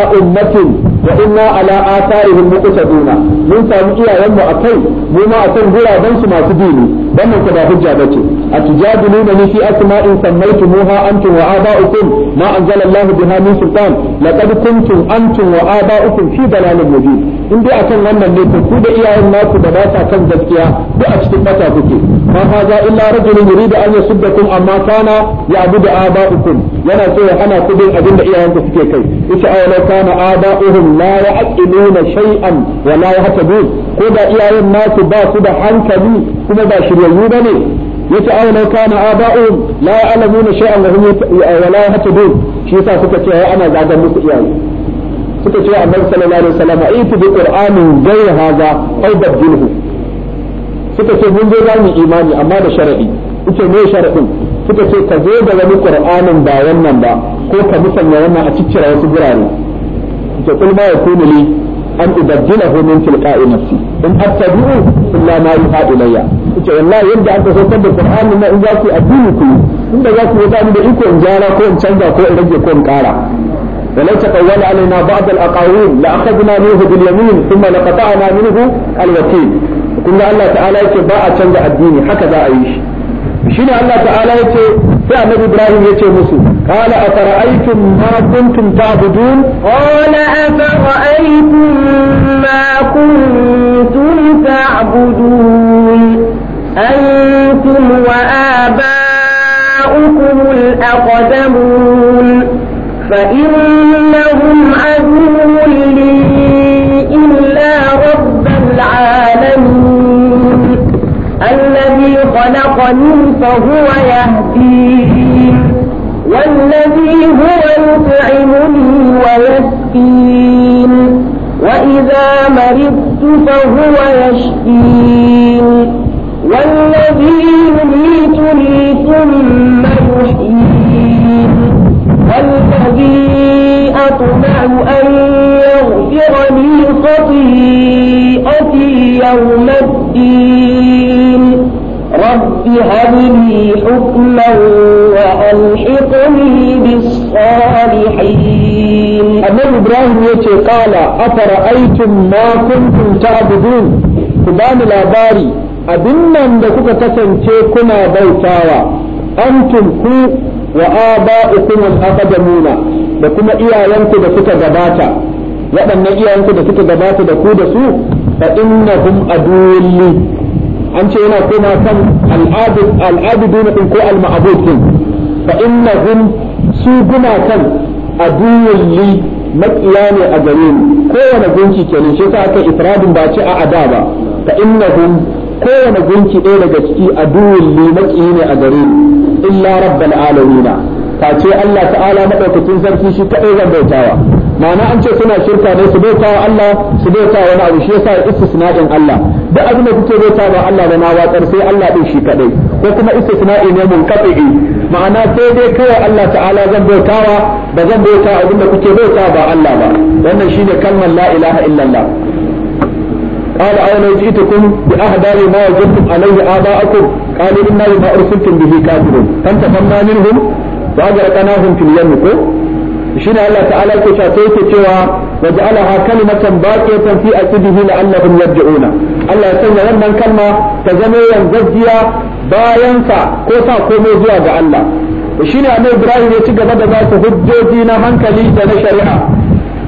wa inna ala atharihim muqtaduna mun samu iyayen mu akai mu ma akan guraben su masu dini dan mun ba hujja bace atujadiluna ni fi asma'in sammaytumuha antum wa aba'ukum ma anzala Allah biha min sultan laqad kuntum antum wa aba'ukum fi dalalin mubin in dai akan wannan ne to ku da iyayen naku da ba ta kan gaskiya duk a cikin bata kuke ma haza illa rajulun yuridu an yasuddakum amma kana ya'budu aba'ukum yana so ya hana ku bin abinda iyayen ku suke kai isha awalau kana aba'uhum la ya'qiluna shay'an wa la yahtadun ko da iyayen nasu ba su da hankali kuma ba shiryayyu bane yace aw law kana aba'uhum la ya'lamuna shay'an wa hum wa yahtadun shi yasa suka ce ai ana zagan musu iyaye suka ce annabi sallallahu alaihi wasallam aitu bi qur'anin ghayr hadha aw badilhu suka ce mun zo zamu imani amma da sharadi yace me sharadin suka ce ka zo da wani qur'anin ba wannan ba ko ka musanya wannan a cikin wasu gurare ce kul ma yakunu li an ubaddilahu min tilqa'i nafsi in attabi'u illa ma yuha ilayya ce wallahi yadda aka saukar da qur'ani na in za ku addini ku inda za ku yi da iko in gyara ko in canza ko in rage ko in ƙara ولو تقول علينا بعض الاقاويل لاخذنا منه باليمين ثم لقطعنا منه الوكيل kun ga Allah ta'ala yake ba a canza addini haka za a yi shi shine Allah ta'ala yace sai annabi Ibrahim yace musu qala afara'aytum ma kuntum ta'budun qala afara'aytum ma kuntum ta'budun antum wa aba'ukum al-aqdamun fa innahum aduwwun ضلوا فهو يهديهم والذي هو يطعمني ويسقين وإذا مرضت فهو يشفين والذي يميتني ثم يحيين والذي أطمع أن يغفر لي خطيئتي يوم الدين رب هب لي حكما وألحقني بالصالحين النبي إبراهيم يتي قال أفرأيتم ما كنتم تعبدون كبان لاباري أبنا لكك كسنتي كنا بيتاوا أنتم كو وآباؤكم الأقدمون لكم إيالنكم لكك جباتا waɗannan iyayenku da suka gabata da ku da su fa innahum adulli an ce yana koma kan al'abiduna din ko al-ma'bud din fa innahum su kan aduwwun li makiya ne a gare ni kowane gunki kenan shi ta aka ifradin ba ce a ada ba fa innahum kowane gunki ɗaya daga ciki aduwwun li makiyi ne a gare ni illa rabbal alamina ce Allah ta'ala madaukakin sarki shi kaɗai zan bautawa ma'ana an ce suna shirka ne su bauta wa Allah su bauta wani abu shi yasa istisna'in Allah duk abin da kuke bauta wa Allah da na sai Allah din shi kadai ko kuma istisna'i ne mun kafi'i ma'ana sai dai kawai Allah ta'ala zan bautawa ba zan bauta abin da kuke bauta ba Allah ba wannan shine kalmar la ilaha illallah قال أولو جئتكم بأهدى ما وجدتم عليه آباءكم قالوا إنا لما أرسلتم به كافرون فانتقمنا منهم وأغرقناهم في اليم shi ne Allah ta'ala ke cewa sai ke cewa wa ja'alaha kalimatan baqiyatan fi aqidihi la'annahum yarji'una Allah ya sanya wannan kalma ta zama yanzajiya bayan sa ko sa komai zuwa ga Allah shi ne Annabi Ibrahim ya ci gaba da ba su hujjoji na hankali da na shari'a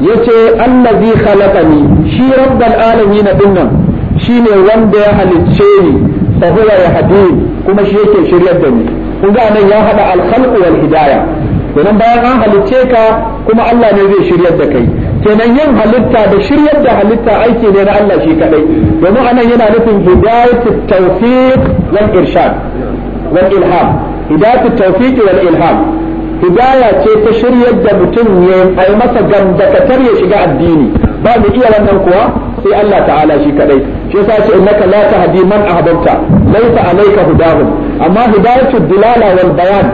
yace allazi khalaqani shi rabbal alamin dinnan shine wanda ya halicce ni fa huwa yahdini kuma shi yake shiryar da ni kun nan ya hada al-khalq wal hidayah kenan bayan an halicce ka kuma Allah ne zai shiryar da kai kenan yin halitta da shiryar da halitta aiki ne na Allah shi kadai domin anan yana nufin hidayatu tawfiq wal irshad wal ilham hidayatu tawfiq wal ilham hidaya ce ta shiryar da mutum ne ai masa gandakatar ya shiga addini ba mu iya wannan kuwa sai Allah ta'ala shi kadai shi yasa ce innaka la tahdi man ahbabta laysa alayka hudahum amma hidayatu dilala wal bayan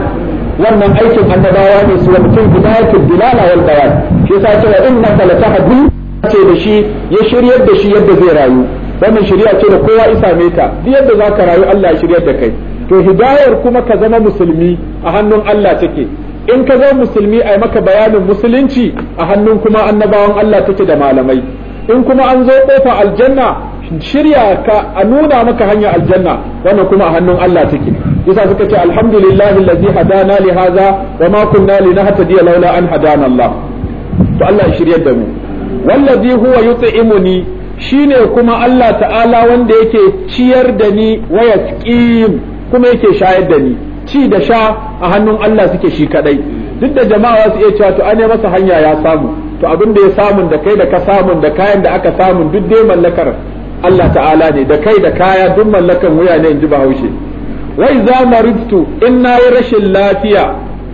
wannan aikin annabawa ne su mutum bidayatul dilala wal bayan shi yasa cewa innaka latahdi ce da shi ya shiryar da shi yadda zai rayu wannan shari'a ce da kowa isa same ta duk yadda zaka rayu Allah ya shiryar da kai to hidayar kuma ka zama musulmi a hannun Allah take in ka zama musulmi ai maka bayanin musulunci a hannun kuma annabawan Allah take da malamai in kuma an zo kofa aljanna shirya ka a nuna maka hanyar aljanna wannan kuma a hannun Allah take yasa suka ce alhamdulillahi allazi hadana li hadha wa ma kunna linahtadiya laula an hadana Allah to Allah ya shiryar da mu wallazi huwa yut'imuni shine kuma Allah ta'ala wanda yake ciyar da ni wa yasqim kuma yake shayar da ni ci da sha a hannun Allah suke shi kadai duk da jama'a su iya cewa to an masa hanya ya samu to abin da ya samu da kai da ka samu da kayan da aka samu duk dai mallakar Allah ta'ala ne da kai da kaya duk mallakan wuya ne in ji bahaushe wa idza maridtu in nayi rashin lafiya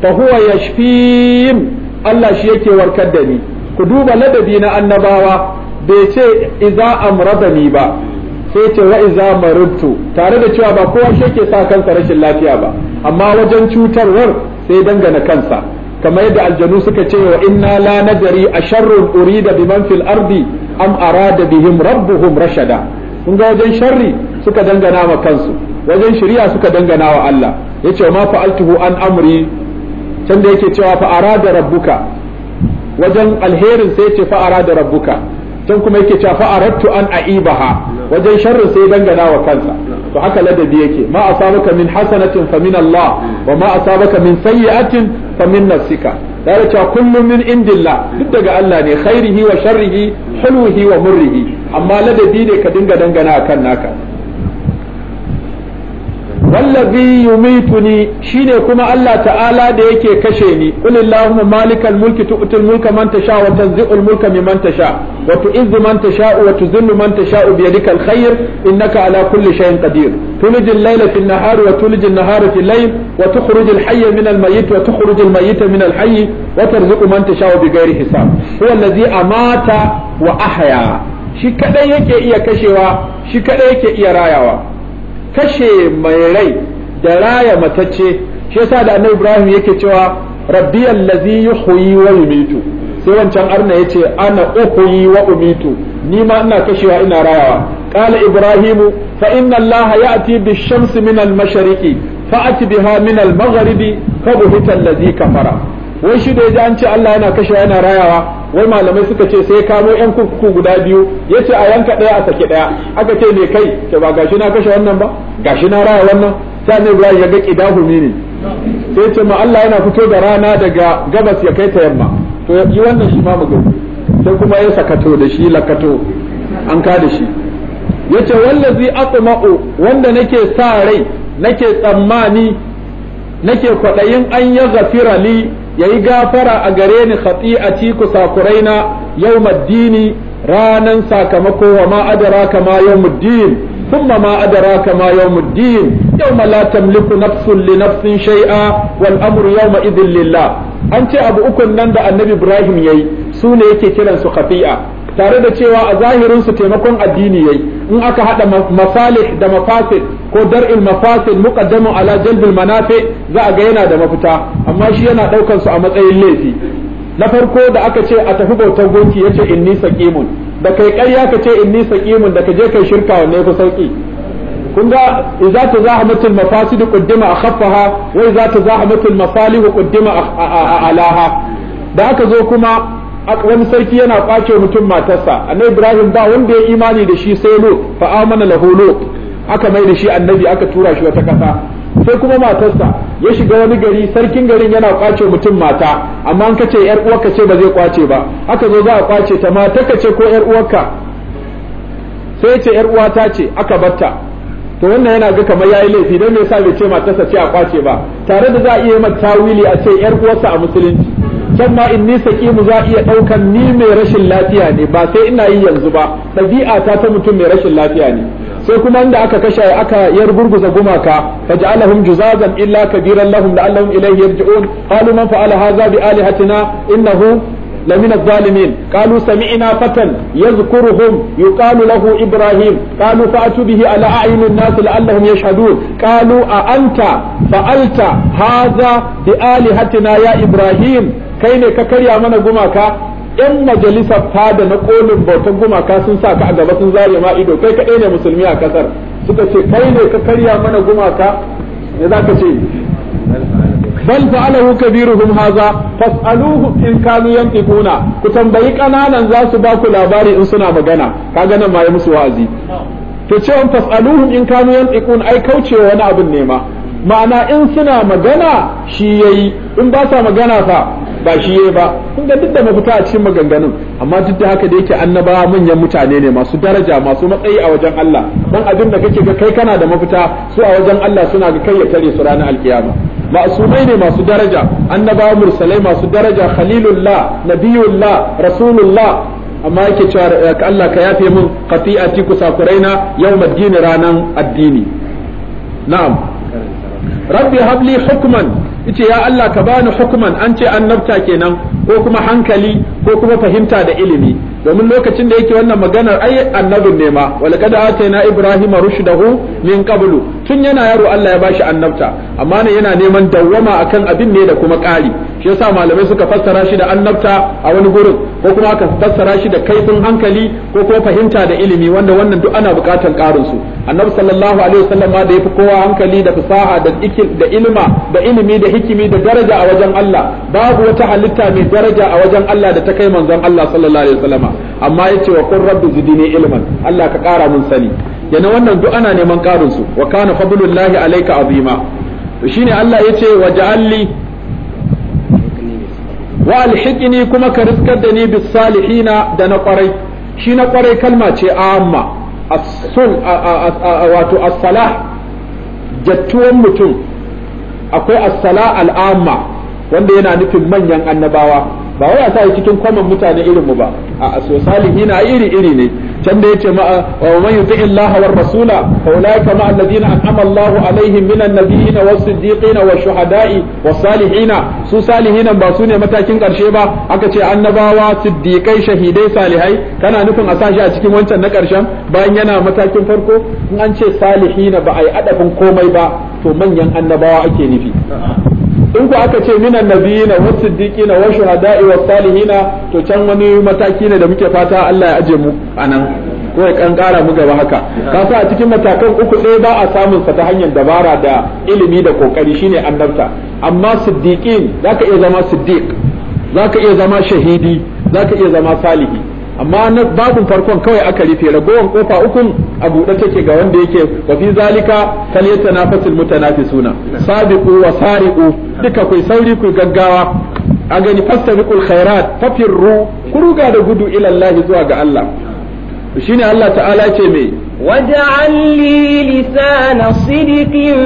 fa huwa yashfin Allah shi yake warkar da ni ku duba ladabi na annabawa bai ce idza amradani ba sai ce wa iza marubtu tare da cewa ba kowa shi ke sa kansa rashin lafiya ba amma wajen cutarwar sai dangana kansa kamar yadda aljanu suka ce wa inna la nadari asharrun urida biman fil ardi am arada bihim rabbuhum rashada kun ga wajen sharri suka dangana wa kansu wajen shari'a suka dangana wa Allah yace ma fa'altuhu an amri can da yake cewa fa arada rabbuka wajen alherin sai yace fa arada rabbuka can kuma yake cewa fa aradtu an aibaha wajen sharrin sai dangana wa kansa to haka ladabi yake ma asabaka min hasanatin fa min Allah wa ma asabaka min sayyi'atin fa min nafsika da ya cewa kullum min indillah duk daga Allah ne khairihi wa sharrihi huluhi wa murrihi amma ladabi ne ka dinga dangana akan naka wallazi yumituni shine kuma Allah ta'ala da yake kashe ni qul allahumma malikal mulki tu'til mulka man tasha wa tanzi'ul mulka mimman tasha wa tu'izzu man tasha wa tuzillu man tasha bi yadikal khair innaka ala kulli shay'in qadir تولج الليل في النهار وتولج النهار في الليل وتخرج الحي من الميت وتخرج الميت من الحي وترزق من تشاء بغير حساب هو الذي wa وأحيا shi kadai yake iya kashewa shi kadai yake iya rayawa kashe mai rai da raya matacce shi yasa da annabi ibrahim yake cewa rabbi allazi yuhyi wa yumitu sai wancan arna yace ana uhyi wa umitu ni ma ina kashewa ina rayawa qala ibrahimu fa inna allaha ya'ti bish-shamsi min al-mashriqi fa'ati biha min al-maghribi fa buhita allazi kafara wai shi da ya ji an ce Allah yana kashe yana rayawa wai malamai suka ce sai kamo yan kurkuku guda biyu ya ce a yanka ɗaya a sake ɗaya aka ce me kai ke ba gashi na kashe wannan ba gashi na raya wannan sai ne Ibrahim ya ga kidahumi ne sai ce ma Allah yana fito da rana daga gabas ya kai ta yamma to yi wannan shi ma magana sai kuma ya sakato da shi lakato an ka da shi yace wallazi atma'u wanda nake sa rai nake tsammani nake kwaɗayin an ya gafira li yayi gafara a gare ni khati'ati kusakuraina yawmaddini ranan sakamako wa ma adraka ma yawmuddin thumma ma adraka ma yawmuddin yawma la tamliku nafsun li nafsin shay'a wal amru yawma idhin lillah an ce abu ukun nan da annabi ibrahim yayi su ne yake kiransu kafi'a. tare da cewa a zahirin su taimakon addini yayi in aka hada masalih da mafasid ko dar'il mafasid muqaddamu ala jalbil manafi za a ga yana da mafita amma shi yana daukar su a matsayin laifi na farko da aka ce a tafi bautar goki yace inni saqimun da kai ƙarya ka ce inni saqimun da ka je kai shirka wanne ku sauki kun ga idza al mafasid quddima akhaffaha wa idza al masalih quddima alaha da aka zo kuma wani sarki yana kwace mutum matarsa annabi ibrahim ba wanda ya imani da shi sai lo fa amana lahu lo aka mai da shi annabi aka tura shi wata kasa sai kuma matarsa ya shiga wani gari sarkin garin yana kwace mutum mata amma an kace yar uwarka ce ba zai kwace ba aka zo za a kwace ta mata kace ko yar uwarka sai ce yar uwata ce aka batta to wannan yana ga kamar yayi laifi dan me yasa bai ce matarsa ce a kwace ba tare da za a iya mata tawili a ce yar uwarsa a musulunci dan ma in saki mu za iya ɗaukan ni mai rashin lafiya ne ba sai ina yi yanzu ba ɗabi'a ta ta mutum mai rashin lafiya ne sai kuma inda aka kashe aka yar gurguza gumaka faj'alahum juzazan illa kabiran lahum la'allahum ilayhi yarji'un qalu man fa'ala hadha bi alihatina innahu لمن الظالمين قالوا سمعنا فتى يذكرهم يقال له إبراهيم قالوا فأتوا به على أعين الناس لعلهم يشهدون قالوا أأنت فعلت هذا بآلهتنا يا إبراهيم kai ne ka karya mana gumaka yan majalisar fada na kolin bautan gumaka sun sa ka a gaba sun zare ma ido kai kaɗai ne musulmi a ƙasar suka ce kai ne ka karya mana gumaka ne za ka ce bal fa'alahu kabiruhum haza fas'aluhu in kanu yantiquna ku tambayi kananan za su ba ku labari in suna magana kaga nan ma ya musu wa'azi to cewa fas'aluhum in kanu yantiqun ai kaucewa wani abin nema. ma'ana in suna magana shi yayi in ba sa magana fa ba shi yi ba kun ga duk da mafita a cikin maganganun amma duk da haka da yake annabawa manyan mutane ne masu daraja masu matsayi a wajen Allah dan abin da kake ga kai kana da mafita su a wajen Allah suna ga kai ya tare su ranar alkiyama ma'asumai ne masu daraja annabawa mursalai masu daraja khalilullah nabiyullah rasulullah amma yake cewa Allah ka yafe min qati'ati kusakuraina yawmad din ranan addini na'am رب هب لي حكما yace ya Allah ka bani hukuman an ce annabta kenan ko kuma hankali ko kuma fahimta da ilimi domin lokacin da yake wannan maganar ai annabin ne ma wal qad atayna ibrahima rushdahu min qablu tun yana yaro Allah ya bashi annabta amma ne yana neman dawwama akan abin ne da kuma ƙari shi yasa malamai suka fassara shi da annabta a wani gurin ko kuma aka fassara shi da kaifin hankali ko kuma fahimta da ilimi wanda wannan duk ana buƙatar ƙarin su annabi sallallahu alaihi wasallam ma da yafi kowa hankali da fasaha da da ilma da ilimi da hikimi da daraja a wajen Allah babu wata halitta mai daraja a wajen Allah da ta kai manzon Allah sallallahu alaihi wasallama amma yace wa qur rabbi zidni ilman Allah ka kara mun sani yana wannan duk ana neman karin su wa kana fadlullahi alayka azima to shine Allah yace waj'alli wa alhiqni kuma ka riskar da ni bis salihina da na kwarai shi na kwarai kalma ce amma as-sul wato as-salah jattuwan mutum akwai as-sala al-amma wanda yana nufin manyan annabawa ba wai a cikin kwamin mutane irin mu ba a so salihina iri iri ne can da yace ma wa man yuti illaha war rasula fa ulaika ma alladhina an'ama Allahu alaihim minan nabiyyin was siddiqin wash shuhada'i was salihina su salihina ba su ne matakin karshe ba aka ce annabawa siddiqai shahidai salihai kana nufin a sa shi a cikin wancan na karshen bayan yana matakin farko in an ce salihina ba ai adabin komai ba to manyan annabawa ake nufi in ku aka ce minan nabiyina was siddiqina wa shuhada'i wa salihina to can wani mataki ne da muke fata Allah ya aje mu anan ko ya kankara mu gaba haka kasa a cikin matakan uku ɗaya ba a samun sa ta hanyar dabara da ilimi da kokari shine annabta amma siddiqin zaka iya zama siddiq zaka iya zama shahidi zaka iya zama salihi amma na babun farkon kawai aka rufe ragowar kofa ukun a buɗe take ga wanda yake wa fi zalika falyatanafasul mutanafisuna sabiqu wa sariqu duka kai sauri ku gaggawa a gani fastabiqul khairat fafirru kuruga da gudu ila Allah zuwa ga Allah shine Allah ta'ala ce me waj'al li lisana sidqin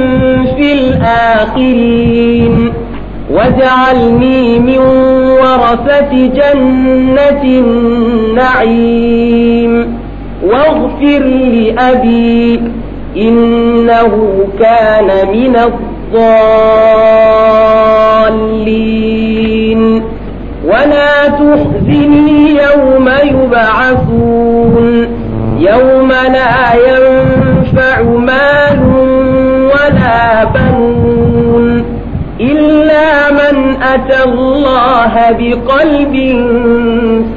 fil akhirin واجعلني من ورثة جنة النعيم واغفر لأبي إنه كان من الضالين ولا تحزني يوم يبعثون يوم لا ينفع مال ولا بنون إلا من أتى الله بقلب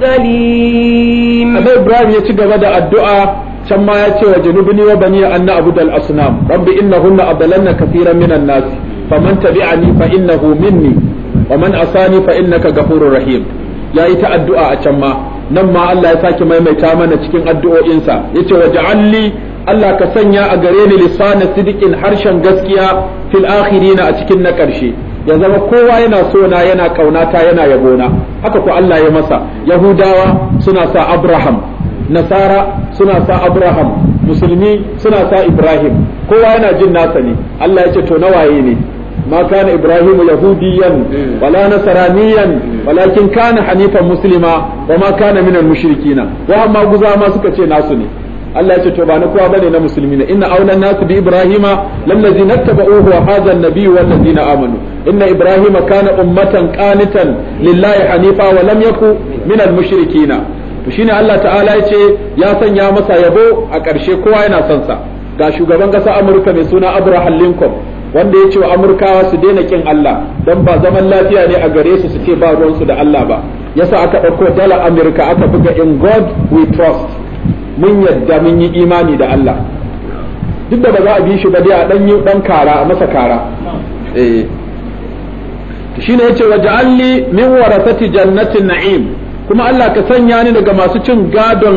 سليم أما إبراهيم يتجد بدأ الدعاء كما يتي وجنبني وبني أن أعبد الأصنام رب إنهن أضللن كثيرا من الناس فمن تبعني فإنه مني ومن أصاني فإنك غفور رحيم يا إتا الدعاء كما نما الله يساكي ما يميتامنا تكين الدعاء إنسا يتي وجعل لي Allah ka sanya a gare ni lisana sidikin harshen gaskiya fil akhirina a cikin na ƙarshe ya zama kowa yana sona yana kaunata yana yabona haka ko Allah ya masa yahudawa suna sa abraham nasara suna sa abraham musulmi suna sa ibrahim kowa yana jin nasa ne Allah ya ce to na waye ne ما كان إبراهيم يهوديا ولا نصرانيا ولكن كان حنيفا مسلما وما كان guza ma suka ce nasu ne. Allah ya ce to ba na kowa bane na musulmi ne inna aulan nasu bi ibrahima lallazina tabauhu wa hadha an-nabiy wal ladina amanu inna ibrahima kana ummatan qanitan lillahi hanifa wa lam yaku min al-mushrikeen to shine Allah ta'ala ya ce ya sanya masa yabo a ƙarshe kowa yana son sa ga shugaban ƙasar Amurka mai suna Abraham Lincoln wanda ya ce wa Amurkawa su daina kin Allah don ba zaman lafiya ne a gare su su ce ba ruwansu da Allah ba yasa aka ɗauko dala Amurka aka buga in God we trust mun yadda mun yi imani da Allah duk da ba za a bi shi ba dai a dan yi dan kara a masa kara eh shine yace waj'alni min warasati jannatin na'im kuma Allah ka sanya ni daga masu cin gadon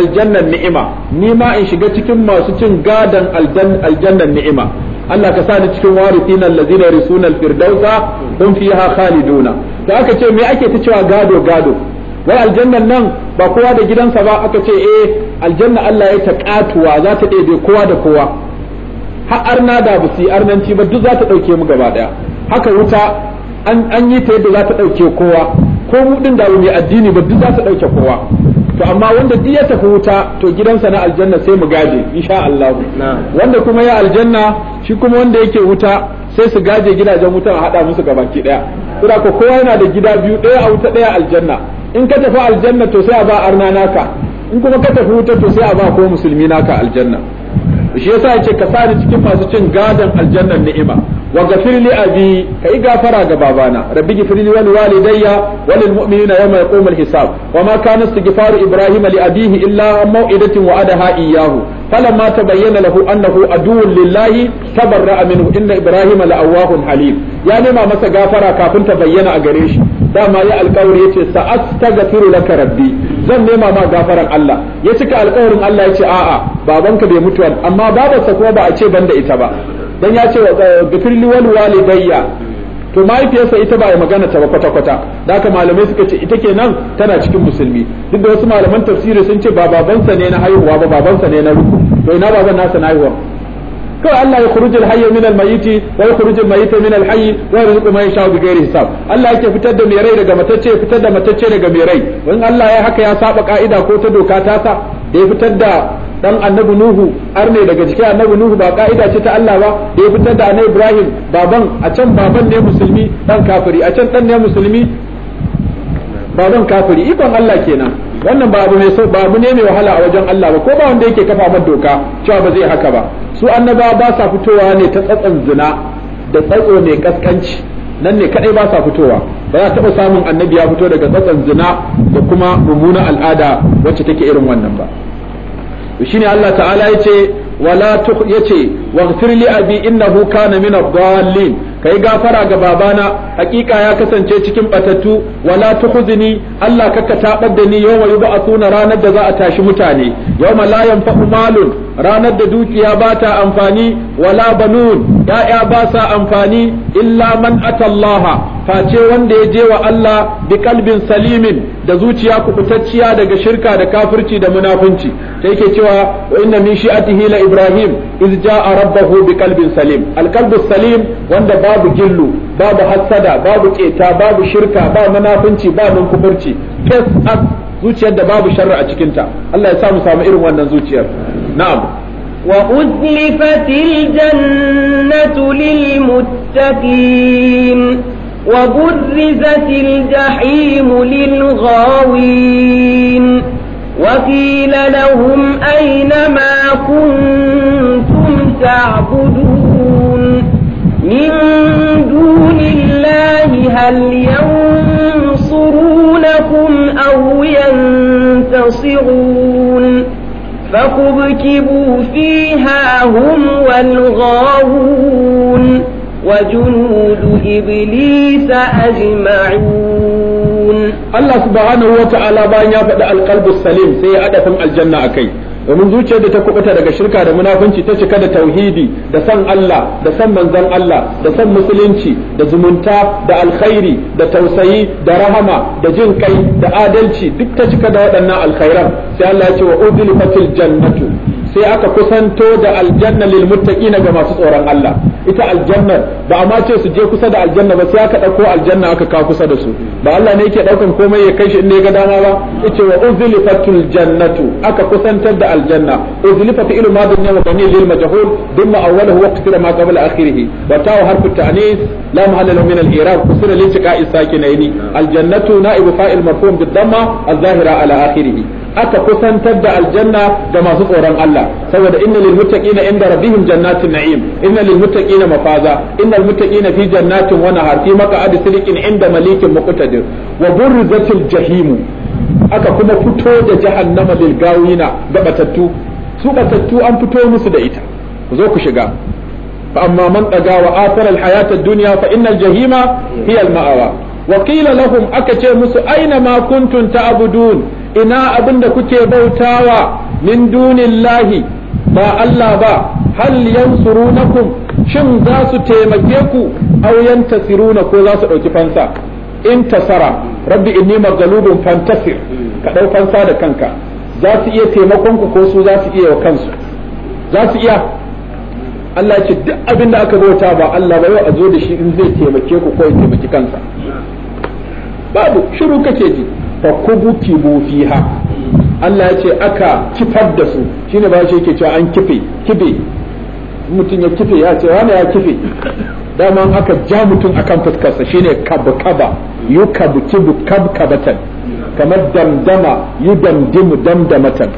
aljannan ni'ima ni ma in shiga cikin masu cin gadon aljannan ni'ima Allah ka sa ni cikin warithin allazina yarisuna alfirdausa hum fiha khaliduna da aka ce me ake ta cewa gado gado wai aljannan nan ba kowa da gidansa ba aka ce eh aljanna Allah ya taƙatuwa za ta ɗebe kowa da kowa har arna da ba su yi arnanci ba duk za ta ɗauke mu gaba ɗaya haka wuta an yi ta yadda za ta ɗauke kowa ko mu ɗin da mu addini ba duk za ta ɗauke kowa to amma wanda duk ya tafi wuta to gidansa na aljanna sai mu gaje insha Allah wanda kuma ya aljanna shi kuma wanda yake wuta sai su gaje gidajen wuta a hada musu gabaki daya kuma ko kowa yana da gida biyu daya a wuta daya aljanna in ka tafi aljanna to sai a ba arna naka in kuma ka tafi wuta to sai a ba ko musulmi naka aljanna shi yasa yace ka sa cikin masu cin gadon aljannar ni'ima wa ghafir li abi kai gafara ga babana rabbi ghafir li wal walidayya wal mu'minina yawma yaqumul hisab wa ma kana istighfaru ibrahim li abihi illa maw'idatin wa'adaha iyyahu فلما تبين له lillahi عدو لله تبرأ منه ان ابراهيم لأواه ya nema masa gafara kafin ta bayyana a gare shi dama ya alkawari yace sa'astaghfiru laka rabbi zan nema ma gafaran Allah ya cika alƙawarin Allah ya ce a'a babanka bai mutu amma babarsa kuma ba a ce banda ita ba dan ya ce gafirli eh, wal walidayya to mahaifiyarsa ita ba ya magana ta ba kwata kwata da haka malamai suka ce ita kenan tana cikin musulmi duk da wasu malaman tafsiri sun ce ba babansa ne na haihuwa ba babansa ne na ruku to ina baban nasa na haihuwa kawai Allah ya kurujin hayy min al mayyiti wa yakhurujul mayyita min al hayy wa yarzuqu bi ghairi hisab Allah yake fitar da mai daga matacce ya fitar da matacce daga mai rai in Allah ya haka ya saba ka'ida ko ta doka ta sa da ya fitar da dan annabi nuhu arne daga jikin annabi nuhu ba ka'ida ce ta Allah ba da ya fitar da annabi ibrahim baban a can baban ne musulmi dan kafiri a can dan ne musulmi baban kafiri ikon Allah kenan wannan ba abu ne ba abu ne mai wahala a wajen Allah ba ko ba wanda yake kafa mata doka cewa ba zai haka ba su annabawa ba sa fitowa ne ta tsatsan zina da tsatso mai kaskanci nan ne kadai ba sa fitowa ba za taɓa samun annabi ya fito daga tsatsan zina da kuma mummunan al'ada wacce take irin wannan ba shine Allah ta'ala yace wala yace waghfir li abi innahu kana min ad-dallin kai gafara ga babana hakika ya kasance cikin batattu wala tukhuzni Allah kaka tabar da ni yawma yub'athuna ranar da za a tashi mutane yawma la yanfa'u malun ranar da dukiya ba ta amfani wala banun ya'ya ba sa amfani illa man atallaha face wanda ya je wa Allah bi kalbin salimin da zuciya kubutacciya daga shirka da kafirci da munafunci sai yake cewa wa inna min shi'atihi la ibrahim iz ja'a rabbahu bi kalbin salim al salim wanda babu gillu babu hassada babu keta babu shirka ba munafunci ba nunkufurci fes zuciyar da babu sharri a cikinta Allah ya sa mu samu irin wannan zuciyar na'am وأزلفت الجنة للمتقين وبرزت الجحيم للغاوين وقيل لهم أين ما كنتم تعبدون من دون الله هل ينصرونكم أو ينتصرون فكبكبوا فيها هم والغاوون وجنود إبليس أجمعون Allah subhanahu wa ta'ala bayan ya faɗi alqalbu salim sai ya adafin aljanna akai domin zuciyar da ta kubuta daga shirka da munafunci ta cika da tauhidi da san Allah da san manzon Allah da san musulunci da zumunta da alkhairi da tausayi da rahama da jin kai da adalci duk ta cika da waɗannan alkhairan sai Allah ya ce wa udlifatil jannatu sai aka kusanto da aljanna lil muttaqina ga masu tsoron Allah ita aljanna ba amma ce su je kusa da aljanna ba sai aka dauko aljanna aka ka kusa da su ba Allah ne yake daukan komai ya kai shi inda ya ga dama ba yace wa uzlifatul jannatu aka kusantar da aljanna uzlifat ilu ma ne wa bani lil majhul dumma awwaluhu wa qasira ma qabla akhirih wa ta harfu ta'nis la mahalla lahu min al-i'rab qasira li tiqa'i sakinaini aljannatu na'ibu fa'il marfu' bid-damma al-zahira ala akhirih aka kusantar da aljanna ga masu tsoron Allah saboda inna lil muttaqina inda rabbihim jannatin na'im inna lil muttaqina mafaza innal muttaqina fi jannatin wa nahar fi maq'adi sidqin inda malikin muqtadir wa burrizatil jahim aka kuma fito da jahannama lil gawina da batattu su batattu an fito musu da ita ku zo ku shiga fa amma man daga wa asara hayata ad fa innal jahima hiya al ma'awa lahum aka ce musu aina ma kuntum ina abin da kuke bautawa min dunillahi ba Allah ba hal yansurunakum shin za su taimake ku aw yantasiruna ko za su dauki fansa in tasara rabbi inni maghlubun fantasir ka dau fansa da kanka za su iya taimakon ku ko su za su iya wa kansu za su iya Allah ce duk abin da aka bauta ba Allah ba yau a zo da shi in zai taimake ku ko ya taimaki kansa babu shiru kake ji fa kubutibu fiha Allah ya ce aka kifar da su shine ba shi yake cewa an kife kife mutum ya kife ya ce wani ya kife dama aka ja mutum akan fuskarsa shine kabkaba. kaba yu kabu kibu kab kabatan kamar damdama yu damdimu damdamatan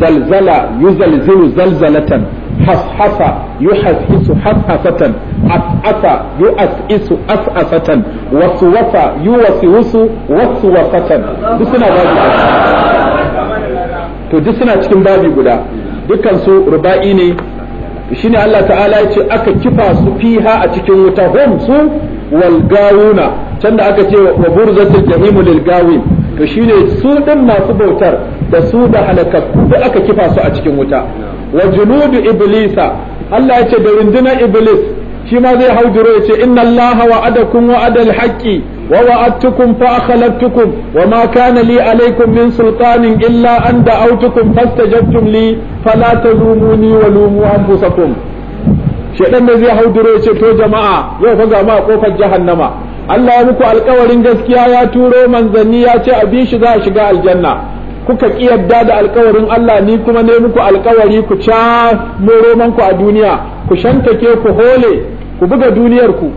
zalzala yuzalzilu zalzalatan hafhafa yuhashisu hafhafatan as'asa yu'as'isu as'asatan waswasa yuwaswisu waswasatan duk suna babu to duk suna cikin babi guda dukkan su ruba'i ne shine Allah ta'ala ya ce aka kifa su fiha a cikin wuta hum su wal aka ce wa burzatul jahimu lil to shine su din masu bautar da su da halakakku da aka kifa su a cikin wuta wa junudu iblisa Allah ya ce da rundunar iblis shi ma zai hau duro ya ce inna Allah wa'adakum wa'adal haqqi wa wa'adtukum fa akhlaftukum wa ma kana li alaykum min sultanin illa an da'awtukum fastajabtum li fala tazumuni wa lumu anfusakum shedan da zai hauduro ya ce to jama'a yau fa ga ma kofar jahannama Allah ya muku alkawarin gaskiya ya turo manzanni ya ce a shi za a shiga aljanna kuka ki da alkawarin Allah ni kuma ne muku alkawari ku ca roman ku a duniya ku shantake ku hole ku buga duniyar ku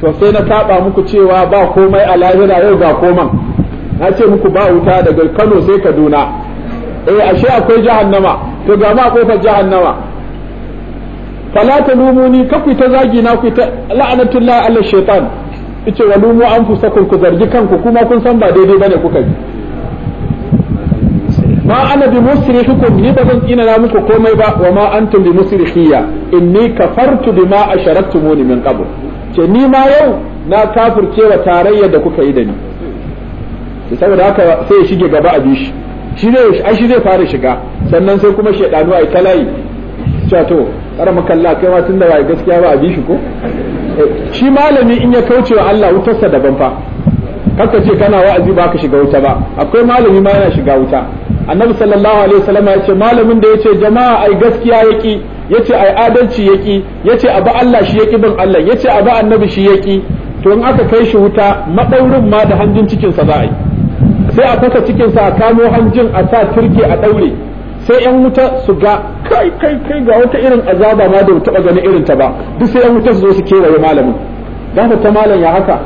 to sai na saba muku cewa ba komai a lahira yau ga koman na ce muku ba wuta daga Kano sai Kaduna eh ashe akwai jahannama to ga ma kofar jahannama fala talumuni kaku ta zagi na ku ta la'anatullahi ala shaytan yace wa lumu anfusakum ku zargi kanku kuma kun san ba daidai bane kuka yi ma ana bi musrihikum ni ba zan tsina muku komai ba wa ma antum bi musrihiyya inni kafartu bima asharaktumuni min qabl ce ni ma yau na kafirce wa tarayyar da kuka yi da ni saboda haka sai ya shige gaba a bishi shi ne shi zai fara shiga sannan sai kuma shedanu a talayi cewa to kar kai ma tunda ba gaskiya ba a bi ko eh, shi malami in ya kaucewa Allah wutarsa daban fa kaka ce kana wa'azi ba ka shiga wuta ba akwai malami ma yana shiga wuta annabi sallallahu alaihi wasallam ya ce malamin da yace jama'a ai gaskiya yaki yace ai adalci yaki yace abu Allah shi yaki bin Allah yace abu annabi shi yaki to in aka kai shi wuta madaurin ma da hanjin cikin sa za a yi sai a fasa cikin sa a kamo hanjin a sa turke a daure sai yan wuta su ga kai kai kai ga wata irin azaba ma da ba taba ganin irin ta ba duk sai yan wuta su zo su kewaye malamin dan ta malam ya haka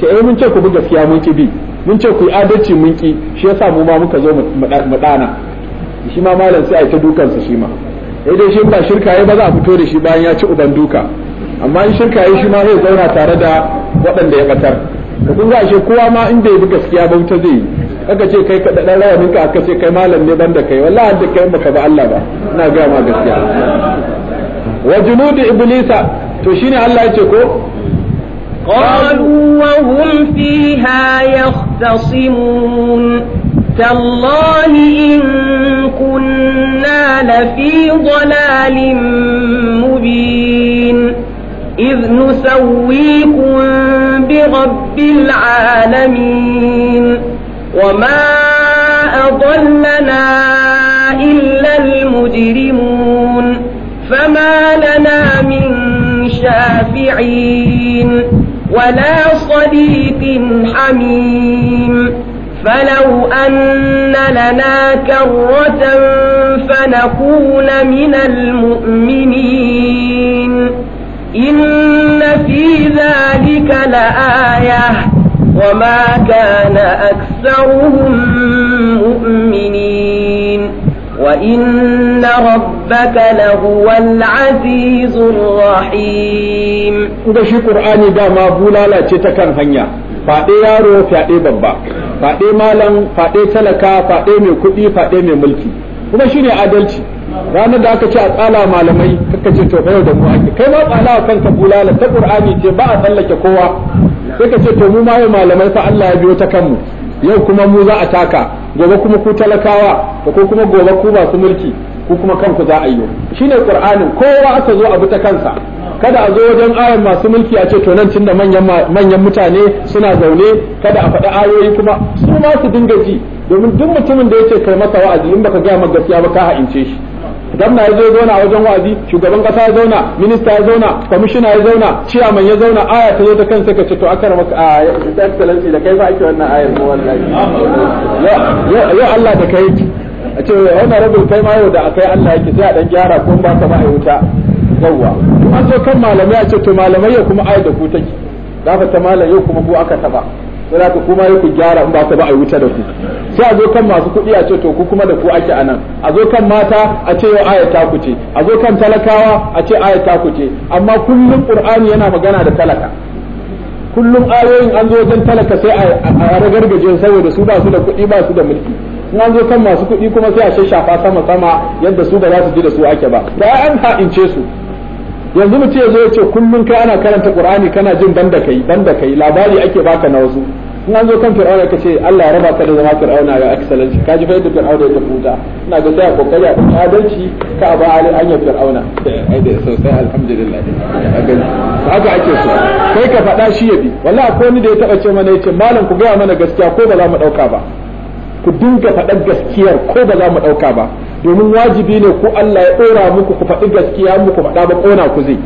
ce eh mun ce ku bi gaskiya mun ki bi mun ce ku adalci mun ki shi yasa mu ma muka zo mu dana shi ma malam sai a ta dukansa shi ma sai dai shi ba shirka ya ba za a fito da shi bayan ya ci uban duka amma in shirka ya shi ma zai zauna tare da waɗanda ya batar kun ga shi kowa ma in ya bi gaskiya ba wuta zai yi aka ce kai kada dan rawanin ka aka ce kai malam ne banda kai wallahi da kai baka ba Allah ba ina ga ma gaskiya wa junudi iblisa to shine Allah ce ko قالوا وهم فيها يختصمون تالله إن كنا لفي ضلال مبين إذ نسويكم برب العالمين وما أضلنا إلا المجرمون فما لنا من شافعين ولا صديق حميم فلو أن لنا كرة فنكون من المؤمنين إن في ذلك لآية wa كان أكثرهم مؤمنين وإن ربك لهو العزيز الرحيم da shi ƙur'ani dama bulalace ta kan hanya faɗe yaro fyaɗe babba faɗe malam faɗe talaka faɗe mai kuɗi faɗe mai mulki kuma shine adalci ranar da aka ce a tsala malamai kaka ce yau da mu ake kai ma tsala kanka bulala ta ƙur'ani ce ba a tsallake kowa sai ka ce to mu ma malamai fa Allah ya biyo ta kanmu yau kuma mu za a taka gobe kuma ku talakawa ko kuma gobe ku masu mulki ku kuma kanku za a yi ne qur'anin kowa aka zo abu ta kansa kada a zo wajen ayan masu mulki a ce to nan tunda manyan manyan mutane suna zaune kada a faɗi ayoyi kuma su ma su dinga ji domin duk mutumin da yake kai masa wa'azi in baka ga gaskiya ba ka ha'ince shi gwamna ya zo zauna wajen wa'azi shugaban kasa ya zauna minista ya zauna kwamishina ya zauna ciyaman ya zauna aya ta zo ta kan sai ka ce to akara maka a excellency da kai fa ake wannan ayar ko wallahi yau Allah da kai a ce wannan rabin kai ma yau da akai Allah yake sai a dan gyara ko ba ka ba a wuta yawwa an zo kan malamai a ce to malamai yau kuma ayar da ku take dafa ta malam yau kuma ku aka taba sai ka kuma yi ku gyara in ba ku ba a wuta da ku sai a zo kan masu kuɗi a ce to ku kuma da ku ake anan a zo kan mata a ce yau ayata ku ce a zo kan talakawa a ce ayata ku ce amma kullum qur'ani yana magana da talaka kullum ayoyin an zo wajen talaka sai a ragargaje saboda su ba su da kuɗi ba su da mulki in an zo kan masu kuɗi kuma sai a shafa sama sama yadda su ba za su ji da su ake ba da an ha'ince su yanzu mutum ya zo ya ce kullum kai ana karanta qur'ani kana jin banda kai banda kai labari ake baka na wasu in an zo kan fir'auna ka ce Allah ya raba ka da zama fir'auna ga excellency ka ji fayyadda fir'auna ya tafuta ina ga sai a kokari a adalci ka a ba hali hanyar fir'auna da sosai alhamdulillah a gani haka ake so kai ka faɗa shi ya bi wallahi akwai wani da ya taɓa ce mana ya ce malam ku gaya mana gaskiya ko ba za mu ɗauka ba ku dinga faɗar gaskiyar ko ba za mu ɗauka ba domin wajibi ne ko Allah ya ɗora muku ku faɗi gaskiya muku faɗa ba ƙona ku zai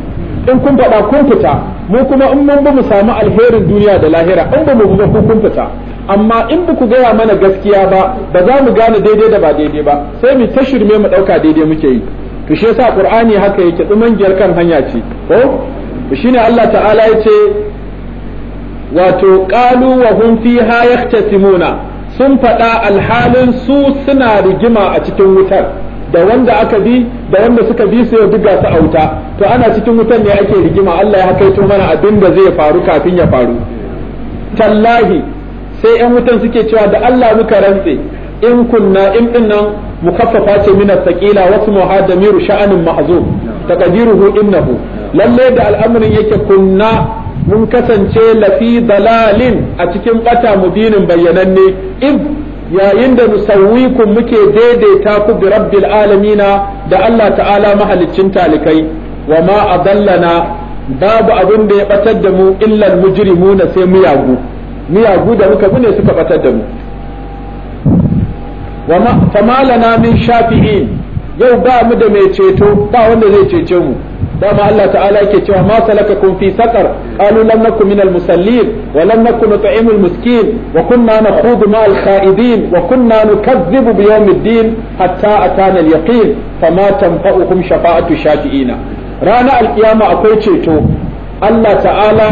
in kun faɗa kun fita mu kuma in mun ba mu samu alherin duniya da lahira in ba mu ba kun fita amma in ba ku gaya mana gaskiya ba ba za mu gane daidai da ba daidai ba sai mu ta shirme mu ɗauka daidai muke yi to shi yasa qur'ani haka yake dumangiyar kan hanya ce ko shine Allah ta'ala yace wato qalu wa hum fiha sun faɗa alhalin su suna rigima a cikin wutar da wanda aka bi da wanda suka bi su yau duka su auta to ana cikin wutan ne ake rigima Allah ya hakaito mana abin da zai faru kafin ya faru tallahi sai yan wutan suke cewa da Allah muka rantse in kunna in dinnan mukaffafa ce min asqila wasu muhadamiru sha'anin mahzum taqdiruhu innahu lalle da al'amarin yake kunna mun kasance lafi dalalin a cikin bata mubinin bayyananne in yayin da musawwikum muke daidaita ku bi rabbil alamina da Allah ta'ala mahaliccin talikai wa ma adallana babu abin da ya batar da mu illal mujrimuna sai miyagu miyagu da muka bi ne suka batar da mu wa ma famalana min shafi'in yau ba mu da mai ceto ba wanda zai cece mu dama Allah ta'ala yake cewa ma kun fi saqar qalu lam nakum minal musallin wa lam nakum nut'imul miskin wa kunna nakhudu na kha'idin wa kunna nukazzibu bi yawmiddin hatta atana al yaqin fama tanfa'uhum shafa'atu shafi'ina rana alkiyama akwai ceto Allah ta'ala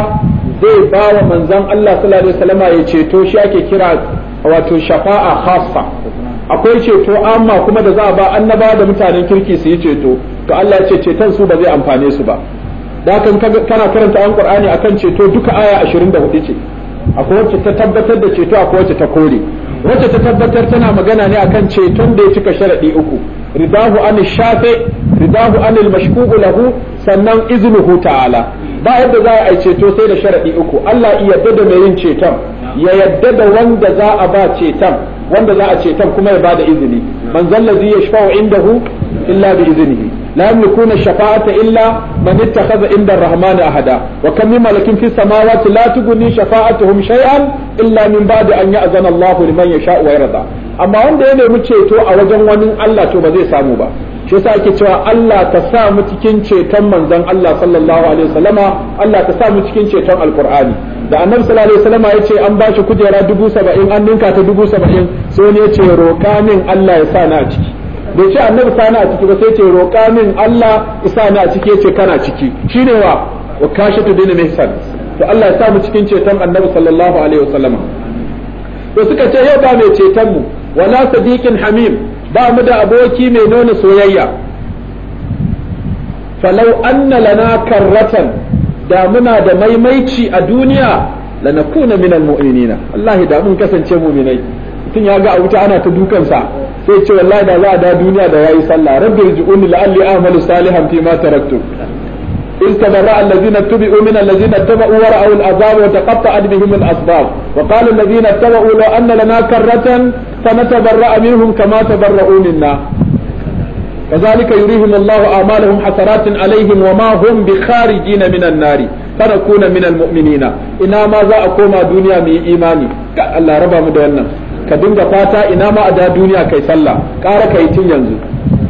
zai ba wa manzon Allah sallallahu alaihi wasallama ya ceto shi ake kira wato shafa'a khassa akwai ceto amma kuma da za a ba annaba da mutanen kirki su yi ceto to Allah yace ce ceton su ba zai amfane su ba da kan kana karanta an qur'ani akan ceto duka aya 24 ce akwai wacce ta tabbatar da ceto akwai wacce ta kore wacce ta tabbatar tana magana ne akan ceton da ya cika sharadi uku ridahu an shafe ridahu an mashkuku lahu sannan iznuhu ta'ala ba yadda za a yi ceto sai da sharadi uku Allah ya yarda da mai yin ceton ya yarda da wanda za a ba ceton wanda za a ceton kuma ya bada izini man zallazi yashfa'u indahu illa bi iznihi لا يملكون الشفاعة إلا من اتخذ عند الرحمن أحدا وكم من ملك في السماوات لا تغني شفاعتهم شيئا إلا من بعد أن يأذن الله لمن يشاء ويرضى أما وند يني متشيتو أو وجن وني الله تو بزي سامو با shi yasa ake cewa Allah ta sa mu cikin ceton manzon Allah sallallahu alaihi wasallama Allah ta cikin ceton alqur'ani da annabi sallallahu alaihi ya ce an ba shi kujera dubu saba'in an ninka ta dubu saba'in sai ne ya ce roƙa min Allah ya sa na ciki bai ce annabi sani a ciki ba sai ce roƙa min Allah isa ni a ciki yace kana ciki shine wa wa kashatu dinu mihsan to Allah ya sa mu cikin ceton annabi sallallahu alaihi wasallama to suka ce yau ba mai ceton mu wala sadiqin hamim ba mu da aboki mai nuna soyayya falau anna lana karratan da muna da maimaici a duniya lanakuna minal mu'minina wallahi da mun kasance mu'minai mutum ya ga a wuta ana ta dukansa sai ce wallahi da za a da duniya da yayi sallah rabbi rji'uni la'alli a'malu salihan fi ma taraktu in tabarra allazina tubi'u min allazina tabu wa ra'u al'azab wa taqatta'at bihim al'asbab wa qala allazina tabu law anna lana karratan fanatabarra minhum kama tabarra'u minna كذلك يريهم الله أعمالهم حسرات عليهم وما هم بخارجين من النار فنكون من المؤمنين إنما ما ذا أقوم دنيا من إيماني الله ربا مدينا ka dinga fata ina ma a da duniya kai sallah ƙara kai tun yanzu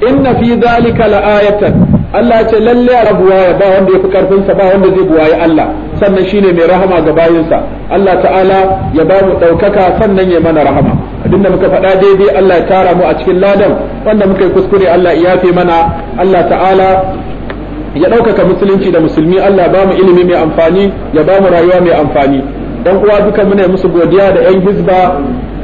inna fi zalika la'ayatan Allah ce lalle a rabuwa ya ba wanda ya fi karfin sa ba wanda zai buwaye Allah sannan shine mai rahama ga bayinsa Allah ta'ala ya ba mu ɗaukaka sannan ya mana rahama abinda muka faɗa daidai Allah ya tara mu a cikin ladan wanda muka yi kuskure Allah ya yafe mana Allah ta'ala ya ɗaukaka musulunci da musulmi Allah ba mu ilimi mai amfani ya ba mu rayuwa mai amfani dan uwa duka muna musu godiya da yan hizba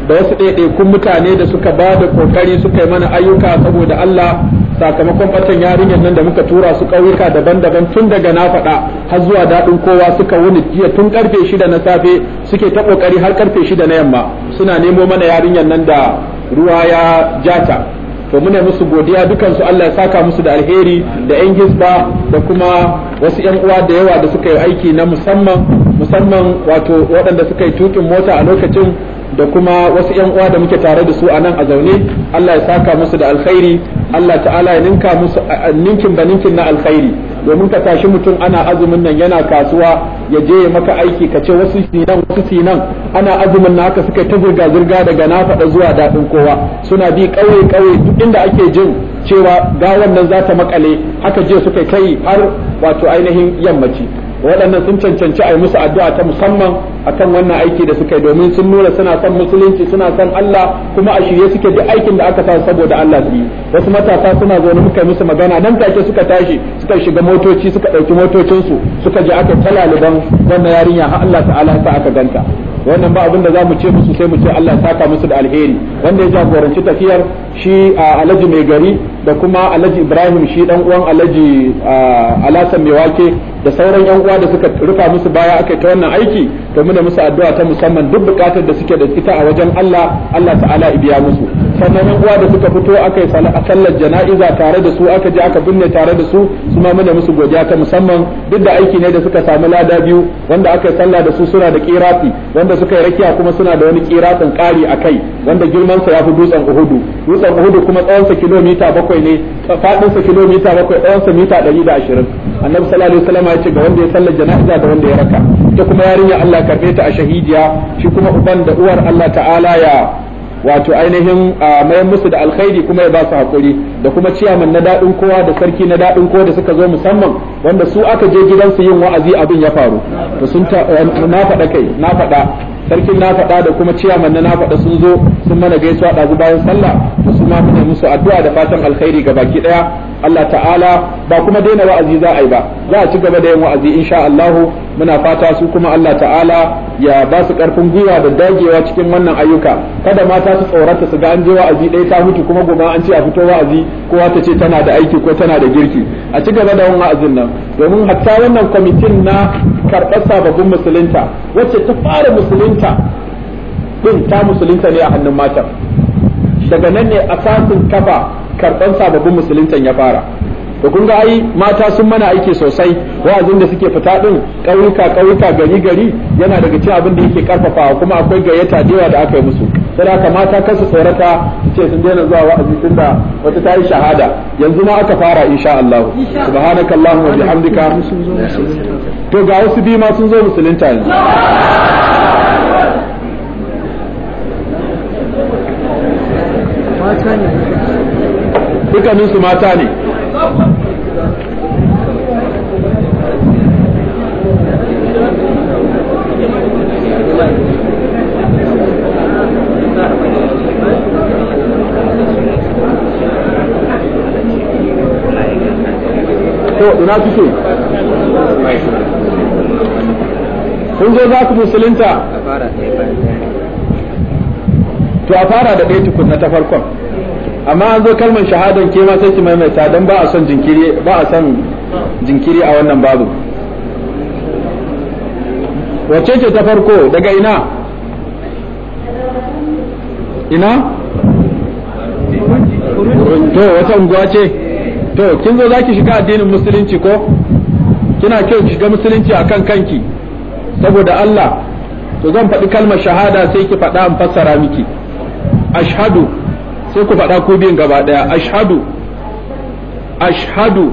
da wasu ɗaiɗaikun mutane da suka ba da kokari suka yi mana ayyuka saboda Allah sakamakon batan yarinyar nan da muka tura su ƙauyuka daban-daban tun daga na faɗa har zuwa daɗin kowa suka wuni jiya tun ƙarfe shida na safe suke ta ƙoƙari har ƙarfe shida na yamma suna nemo mana yarinyar nan da ruwa ya jata to muna musu godiya dukansu Allah ya saka musu da alheri da yan gizba da kuma wasu yan uwa da yawa da suka yi aiki na musamman musamman wato waɗanda suka yi tukin mota a lokacin da kuma wasu yan uwa da muke tare da su a nan a zaune Allah ya saka musu da alkhairi Allah ta'ala ya ninka musu ninkin ba ninkin na alkhairi domin ka tashi mutum ana azumin nan yana kasuwa ya je ya maka aiki ka ce wasu sinan wasu sinan ana azumin na haka suka ta zirga zirga daga na faɗa zuwa daɗin kowa suna bi ƙauye ƙauye duk inda ake jin cewa gawan nan za ta makale haka je suka kai har wato ainihin yammaci waɗannan sun cancanci a yi musu addu'a ta musamman akan wannan aiki da suka yi domin sun nuna suna son musulunci suna son Allah kuma a shirye suke da aikin da aka sa saboda Allah su yi wasu matasa suna zo ne muka musu magana nan take suka tashi suka shiga motoci suka ɗauki motocinsu suka je aka talaliban wannan yarinya har Allah ta'ala ta aka ganta wannan ba abin da za mu ce musu sai mu ce Allah saka musu da alheri wanda ya jagoranci tafiyar shi a Alhaji mai gari da kuma Alhaji Ibrahim shi dan uwan Alhaji Alasan mai wake da sauran yan uwa da suka rufa musu baya aka ta wannan aiki to muna musu addu'a ta musamman duk bukatar da suke da ita a wajen Allah Allah ta'ala ya biya musu sannan yan uwa da suka fito aka yi sallar jana'iza tare da su aka je aka binne tare da su su ma muna musu godiya ta musamman duk da aiki ne da suka samu lada biyu wanda aka yi sallah da su suna da kirafi wanda suka yi rakiya kuma suna da wani kirafin kari a kai wanda girman sa yafi dutsen Uhudu dutsen Uhudu kuma tsawon sa kilomita bakwai ne fadin sa kilomita bakwai tsawon sa mita 120 annabi sallallahu alaihi wasallam ya ce ga wanda ya sallar jana'iza da wanda ya raka ita kuma yarinya Allah karbe ta a shahidiya shi kuma uban da uwar Allah ta'ala ya wato ainihin mayan musu da alkhairi kuma ya ba su hakuri da kuma ciyaman na daɗin kowa da sarki na daɗin kowa da suka zo musamman wanda su aka je gidansu yin wa'azi abin ya faru to sun eh, na faɗa kai na faɗa sarkin na faɗa da kuma ciyaman na faɗa sun zo sun mana gaisuwa ɗazu bayan sallah to su ma muna musu addu'a da fatan alkhairi ga baki ɗaya Allah ta'ala ba kuma daina wa'azi za a yi ba za a ci gaba da yin wa'azi insha Allah muna fata su kuma Allah ta'ala ya ba su karfin gwiwa da dagewa cikin wannan ayyuka kada mata su tsorata su ga an je wa'azi ɗaya ta mutu kuma gobe an ce a fito wa'azi kowa ta ce tana da aiki ko tana da girki a ci gaba da yin wa'azin nan domin hatta wannan kwamitin na karɓar sababbin musulunta wacce ta fara musulunta din ta musulunta ne a hannun matar daga nan ne asasin kafa karban sababbin musuluntan ya fara to kun ga ai mata sun mana aiki sosai wa'azin da suke fita din ƙauyuka ƙauyuka gari gari yana daga cin abin da yake ƙarfafawa kuma akwai gayyata da da aka yi musu sai haka mata kansu su tsorata ce sun daina zuwa wa'azi tunda wata ta yi shahada yanzu ma aka fara insha Allah subhanakallahumma wa bihamdika to ga wasu bi ma sun zo musulunta ne dukkaninsu mata ne to ina kuke kun zo za ku musulunta to a fara da ɗaya tukunna ta farkon amma an zo kalmar shahadan ke ma sai ki maimaita dan ba a son jinkiri a son a wannan babu wacce ce ta farko daga ina ina to wata unguwa ce to kin zo zaki shiga addinin musulunci ko kina kyau ki shiga musulunci a kan kanki saboda Allah to zan faɗi kalmar shahada sai ki faɗa an fassara miki ashhadu sai ku faɗa ku biyun gaba ɗaya ashadu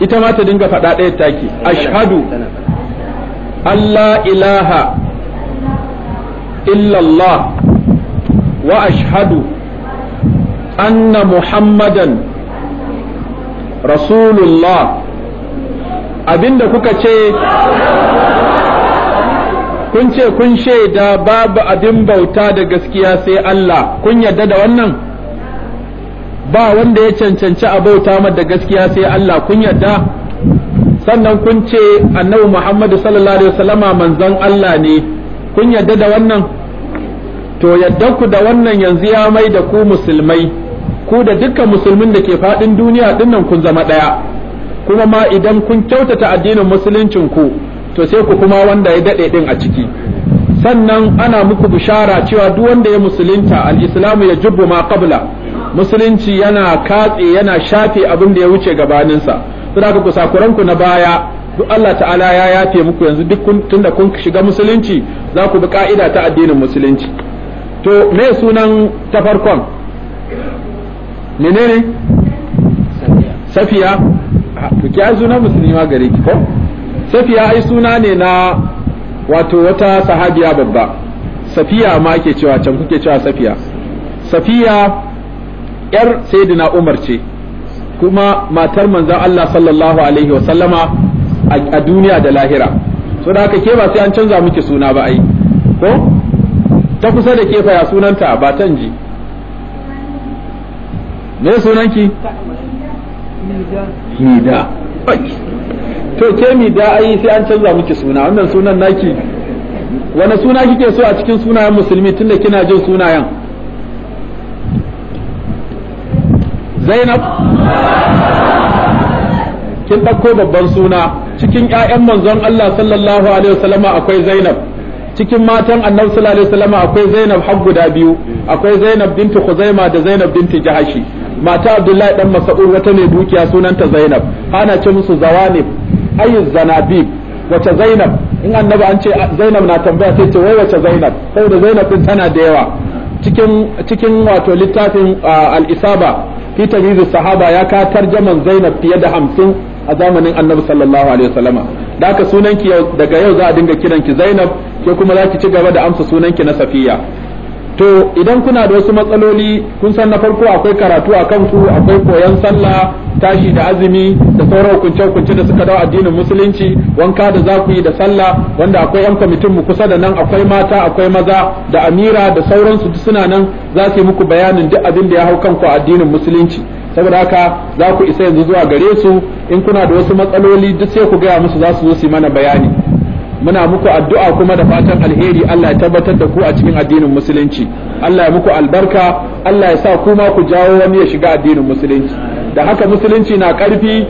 ita ma ta dinga faɗa ɗaya take ashhadu Allah ilaha illallah wa ashhadu anna muhammadan rasulullah abinda kuka ce kun ce kun shaida babu abin bauta da gaskiya sai Allah kun yadda da wannan ba wanda ya cancanci a bauta mata da gaskiya sai Allah kun yadda? sannan kun ce annabi Muhammadu sallallahu alaihi wasallama manzon Allah ne kun yadda da wannan to yadda ku da wannan yanzu ya mai da ku musulmai ku da dukkan musulmin da ke faɗin duniya dinnan kun zama ɗaya kuma ma idan kun kyautata addinin musuluncin ku to sai ku kuma wanda ya daɗe ɗin a ciki sannan ana muku bishara cewa duk wanda ya musulunta al ya jubbu ma qabla musulunci yana katse yana shafe abin da ya wuce gabaninsa saboda ku sakuran ku na baya duk Allah ta'ala ya yafe muku yanzu duk tunda kun shiga musulunci za ku bi ka'ida ta addinin musulunci to me sunan ta farkon menene safiya to ki na musulmi ma gare ki ko safiya ai suna ne na wato wata sahabiya babba safiya ma ke cewa can kuke cewa safiya safiya yar sayyidina umar ce kuma matar manzon Allah sallallahu alaihi wa sallama a duniya da lahira so da haka ke ba sai an canza miki suna ba ai ko ta kusa da fa ya sunanta ba ji me sunanki nida nida to ke mi da ai sai an canza miki suna wannan sunan naki wani suna kike so a cikin sunayen musulmi tunda kina jin sunayen Zainab kin ɗauko babban suna cikin ƴaƴan manzon Allah sallallahu alaihi wasallama akwai Zainab cikin matan Annabi sallallahu alaihi wasallama akwai Zainab har guda biyu akwai Zainab bintu Khuzaima da Zainab bintu Jahashi mata Abdullahi dan Mas'ud wata mai dukiya sunanta Zainab ana ce musu Zawanib ayyuz zanabib wace zainab in annabi an ce zainab na tambaya sai ce wai wace zainab saboda zainab din tana da yawa cikin cikin wato littafin al-isaba fi sahaba ya ka tarjaman zainab fiye da hamsin a zamanin annabi sallallahu alaihi wasallama da haka sunanki daga yau za a dinga kiranki zainab ke kuma za ki ci gaba da amsa sunanki na safiya to idan kuna da wasu matsaloli kun san na farko akwai karatu a kanku akwai koyon sallah tashi da azumi da sauran hukunce hukunce da suka dawo addinin musulunci wanka da za ku yi da sallah wanda akwai yan kwamitin mu kusa da nan akwai mata akwai maza da amira da sauransu duk suna nan za su yi muku bayanin duk abin da ya hau kanku a addinin musulunci saboda haka za ku isa yanzu zuwa gare su in kuna da wasu matsaloli duk sai ku gaya musu za su zo su yi mana bayani muna muku addu'a kuma da fatan alheri Allah ya tabbatar da ku a cikin addinin musulunci Allah ya muku albarka Allah ya sa kuma ku jawo wani ya shiga addinin musulunci da haka musulunci na karfi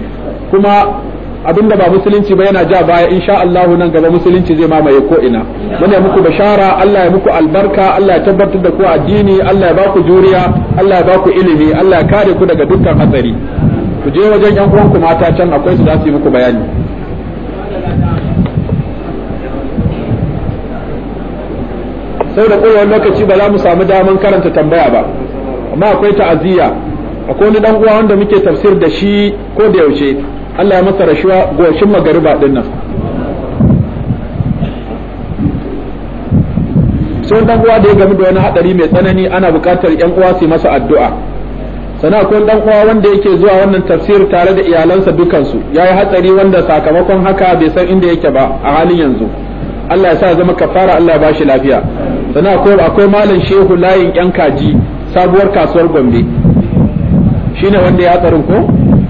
kuma abinda ba musulunci ba yana ja baya insha Allah nan gaba musulunci zai mamaye ko ina muna muku bashara Allah ya muku albarka Allah ya tabbatar da ku addini Allah ya baku juriya Allah ya baku ilimi Allah ya kare ku daga dukkan hatsari ku je wajen yan uwanku mata can akwai su za su yi muku bayani da kowa lokaci ba za mu samu daman karanta tambaya ba amma akwai ta'aziyya akwai wani dan uwa wanda muke tafsir da shi ko da yaushe Allah ya masa rashuwa goshin magariba din nan sai dan uwa da ya gamu da wani hadari mai tsanani ana buƙatar yan uwa su masa addu'a sana akwai dan uwa wanda yake zuwa wannan tafsir tare da iyalansa dukansu yayi hatsari wanda sakamakon haka bai san inda yake ba a halin yanzu Allah ya sa zama kafara Allah ya bashi lafiya sannan akwai malam shehu layin yan kaji sabuwar kasuwar gombe shine wanda ya tsarin ko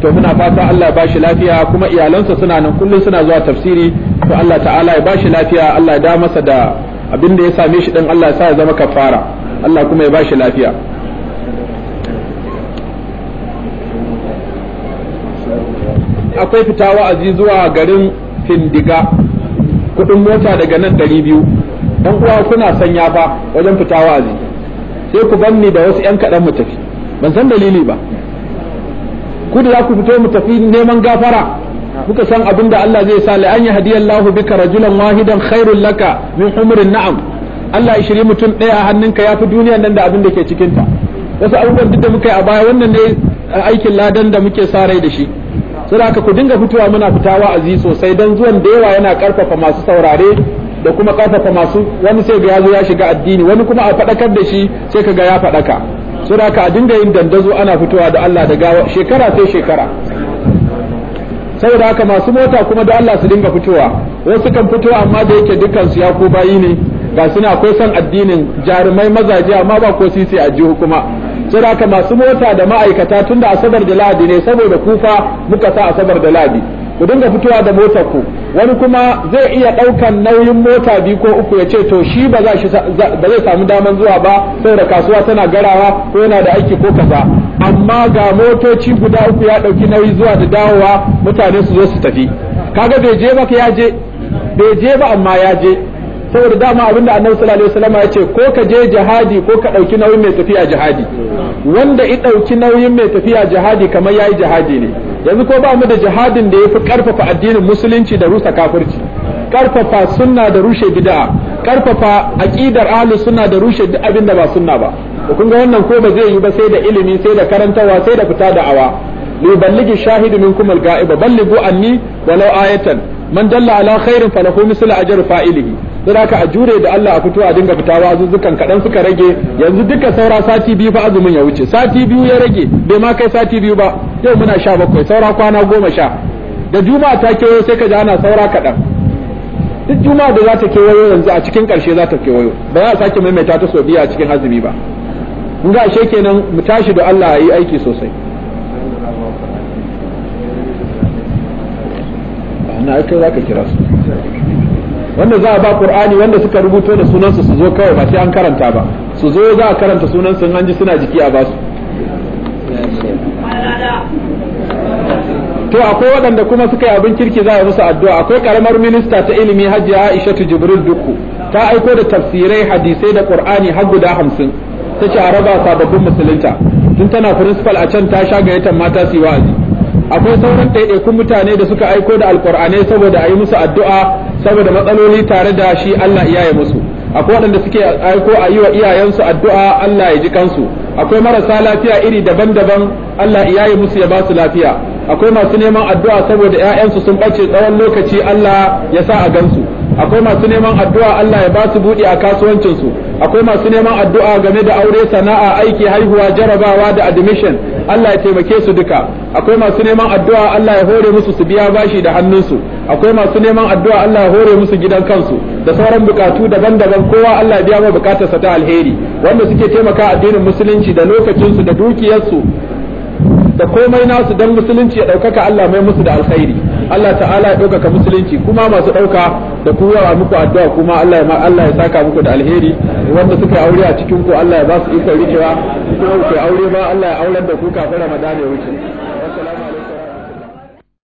to muna fata Allah ya bashi lafiya kuma iyalansa suna nan kullum suna zuwa tafsiri to Allah ta'ala ya bashi lafiya Allah ya da masa da abin da ya same shi din Allah ya sa ya zama kafara Allah kuma ya bashi lafiya akwai fita wa'azi zuwa garin Findiga kudin mota daga nan 200 dan uwa kuna sanya fa wajen fita wa'azi sai ku banni da wasu yan kaɗan mu tafi ban san dalili ba ku da za ku fito mu tafi neman gafara kuka san abin da Allah zai sa la'an ya hadiya Allah bika rajulan wahidan khairul laka min umrin na'am Allah ya shiri mutum ɗaya a hannunka ya fi duniyan nan da abin da ke cikin ta wasu abubuwan duk da muka yi a baya wannan ne aikin ladan da muke sa rai da shi saboda haka ku dinga fitowa muna fitawa aziz sosai dan zuwan da yawa yana karfafa masu saurare da kuma ƙarfafa masu wani sai ga ya zo ya shiga addini wani kuma a faɗakar da shi sai ka ga ya faɗaka so ka a dinga yin dandazo ana fitowa da Allah da gawa shekara sai shekara saboda haka masu mota kuma da Allah su dinga fitowa wasu kan fito amma da yake dukkan su ya ko bayi ne ga suna akwai son addinin jarumai mazaje amma ba ko sisi a jihu kuma saboda haka masu mota da ma'aikata tunda asabar da ladi ne saboda kufa muka sa asabar da ladi ku dinga fitowa da motar ku wani kuma zai iya ɗaukan nauyin mota biyu ko uku ya ce to shi ba za shi ba zai samu daman zuwa ba saboda kasuwa tana garawa ko yana da aiki ko kaza amma ga motoci guda uku ya ɗauki nauyi zuwa da dawowa mutane su zo su tafi kaga bai je maka ya je bai je ba amma ya je saboda dama abin da annabi sallallahu alaihi wasallam ya ce ko ka je jihadi ko ka ɗauki nauyin mai tafiya jihadi wanda i ɗauki nauyin mai tafiya jihadi kamar yayi jihadi ne yanzu ko ba mu da jihadin da ya fi karfafa addinin musulunci da rusa kafirci ƙarfafa sunna da rushe bid'a karfafa aƙidar ahli suna da rushe duk abin da ba sunna ba to kun wannan ko ba zai yi ba sai da ilimi sai da karantawa sai da fita da awa li balligi shahidu minkum al-ga'iba balligu anni walau ayatan man dalla ala khairin falahu mislu ajru fa'ilihi don haka a jure da Allah a fito a dinga fita azuzukan kaɗan suka rage yanzu duka saura sati biyu fa azumin ya wuce sati biyu ya rage bai ma kai sati biyu ba yau muna sha bakwai saura kwana goma sha da juma'a ta kewayo sai ka ji ana saura kaɗan duk juma'a da za ta kewayo yanzu a cikin karshe za ta kewayo ba za a sake maimaita ta sau biyu a cikin azumi ba in ga ashe kenan mu tashi da Allah a yi aiki sosai na kai za ka kira su wanda za a ba qur'ani wanda suka rubuto da sunansu su zo kawai ba sai an karanta ba su zo za a karanta sunansu an ji suna jiki a ba su. to akwai waɗanda kuma suka yi abin kirki za a musu addu'a akwai karamar minista ta ilimi hajiya aisha jibril dukku ta aiko da tafsirai hadisai da qur'ani har guda hamsin ta ce a raba sababbin musulunta tun tana principal a can ta sha gayyatar mata su yi wa'azi akwai sauran ɗaiɗaikun mutane da suka aiko da alƙur'ane saboda a yi musu addu'a saboda matsaloli tare da shi Allah iyaye musu akwai waɗanda suke aiko a yi wa iyayensu addu'a Allah ya ji kansu akwai marasa lafiya iri daban-daban Allah iyaye musu ya ba su lafiya akwai masu neman addu'a saboda 'ya'yansu sun ɓace tsawon lokaci Allah ya sa a gansu akwai masu neman addu'a Allah ya ba su buɗe a kasuwancinsu akwai masu neman addu'a game da aure sana'a aiki haihuwa jarabawa da admission Allah ya taimake su duka akwai masu neman addu'a Allah ya hore musu su biya bashi da hannunsu akwai masu neman addu'a Allah ya hore musu gidan kansu da sauran bukatu daban-daban kowa Allah ya biya ma bukatarsa ta alheri wanda suke taimaka addinin musulunci da lokacinsu da dukiyarsu da komai nasu don musulunci ya ɗaukaka Allah mai musu da alkhairi Allah ta'ala ya ɗaukaka musulunci kuma masu ɗauka da ku yawa muku addu'a kuma Allah ya Allah ya saka muku da alheri wanda suka aure a cikin ku Allah ya ba su ikon rikewa kuma ku aure ba Allah ya aurar da ku kafin Ramadan ya wuce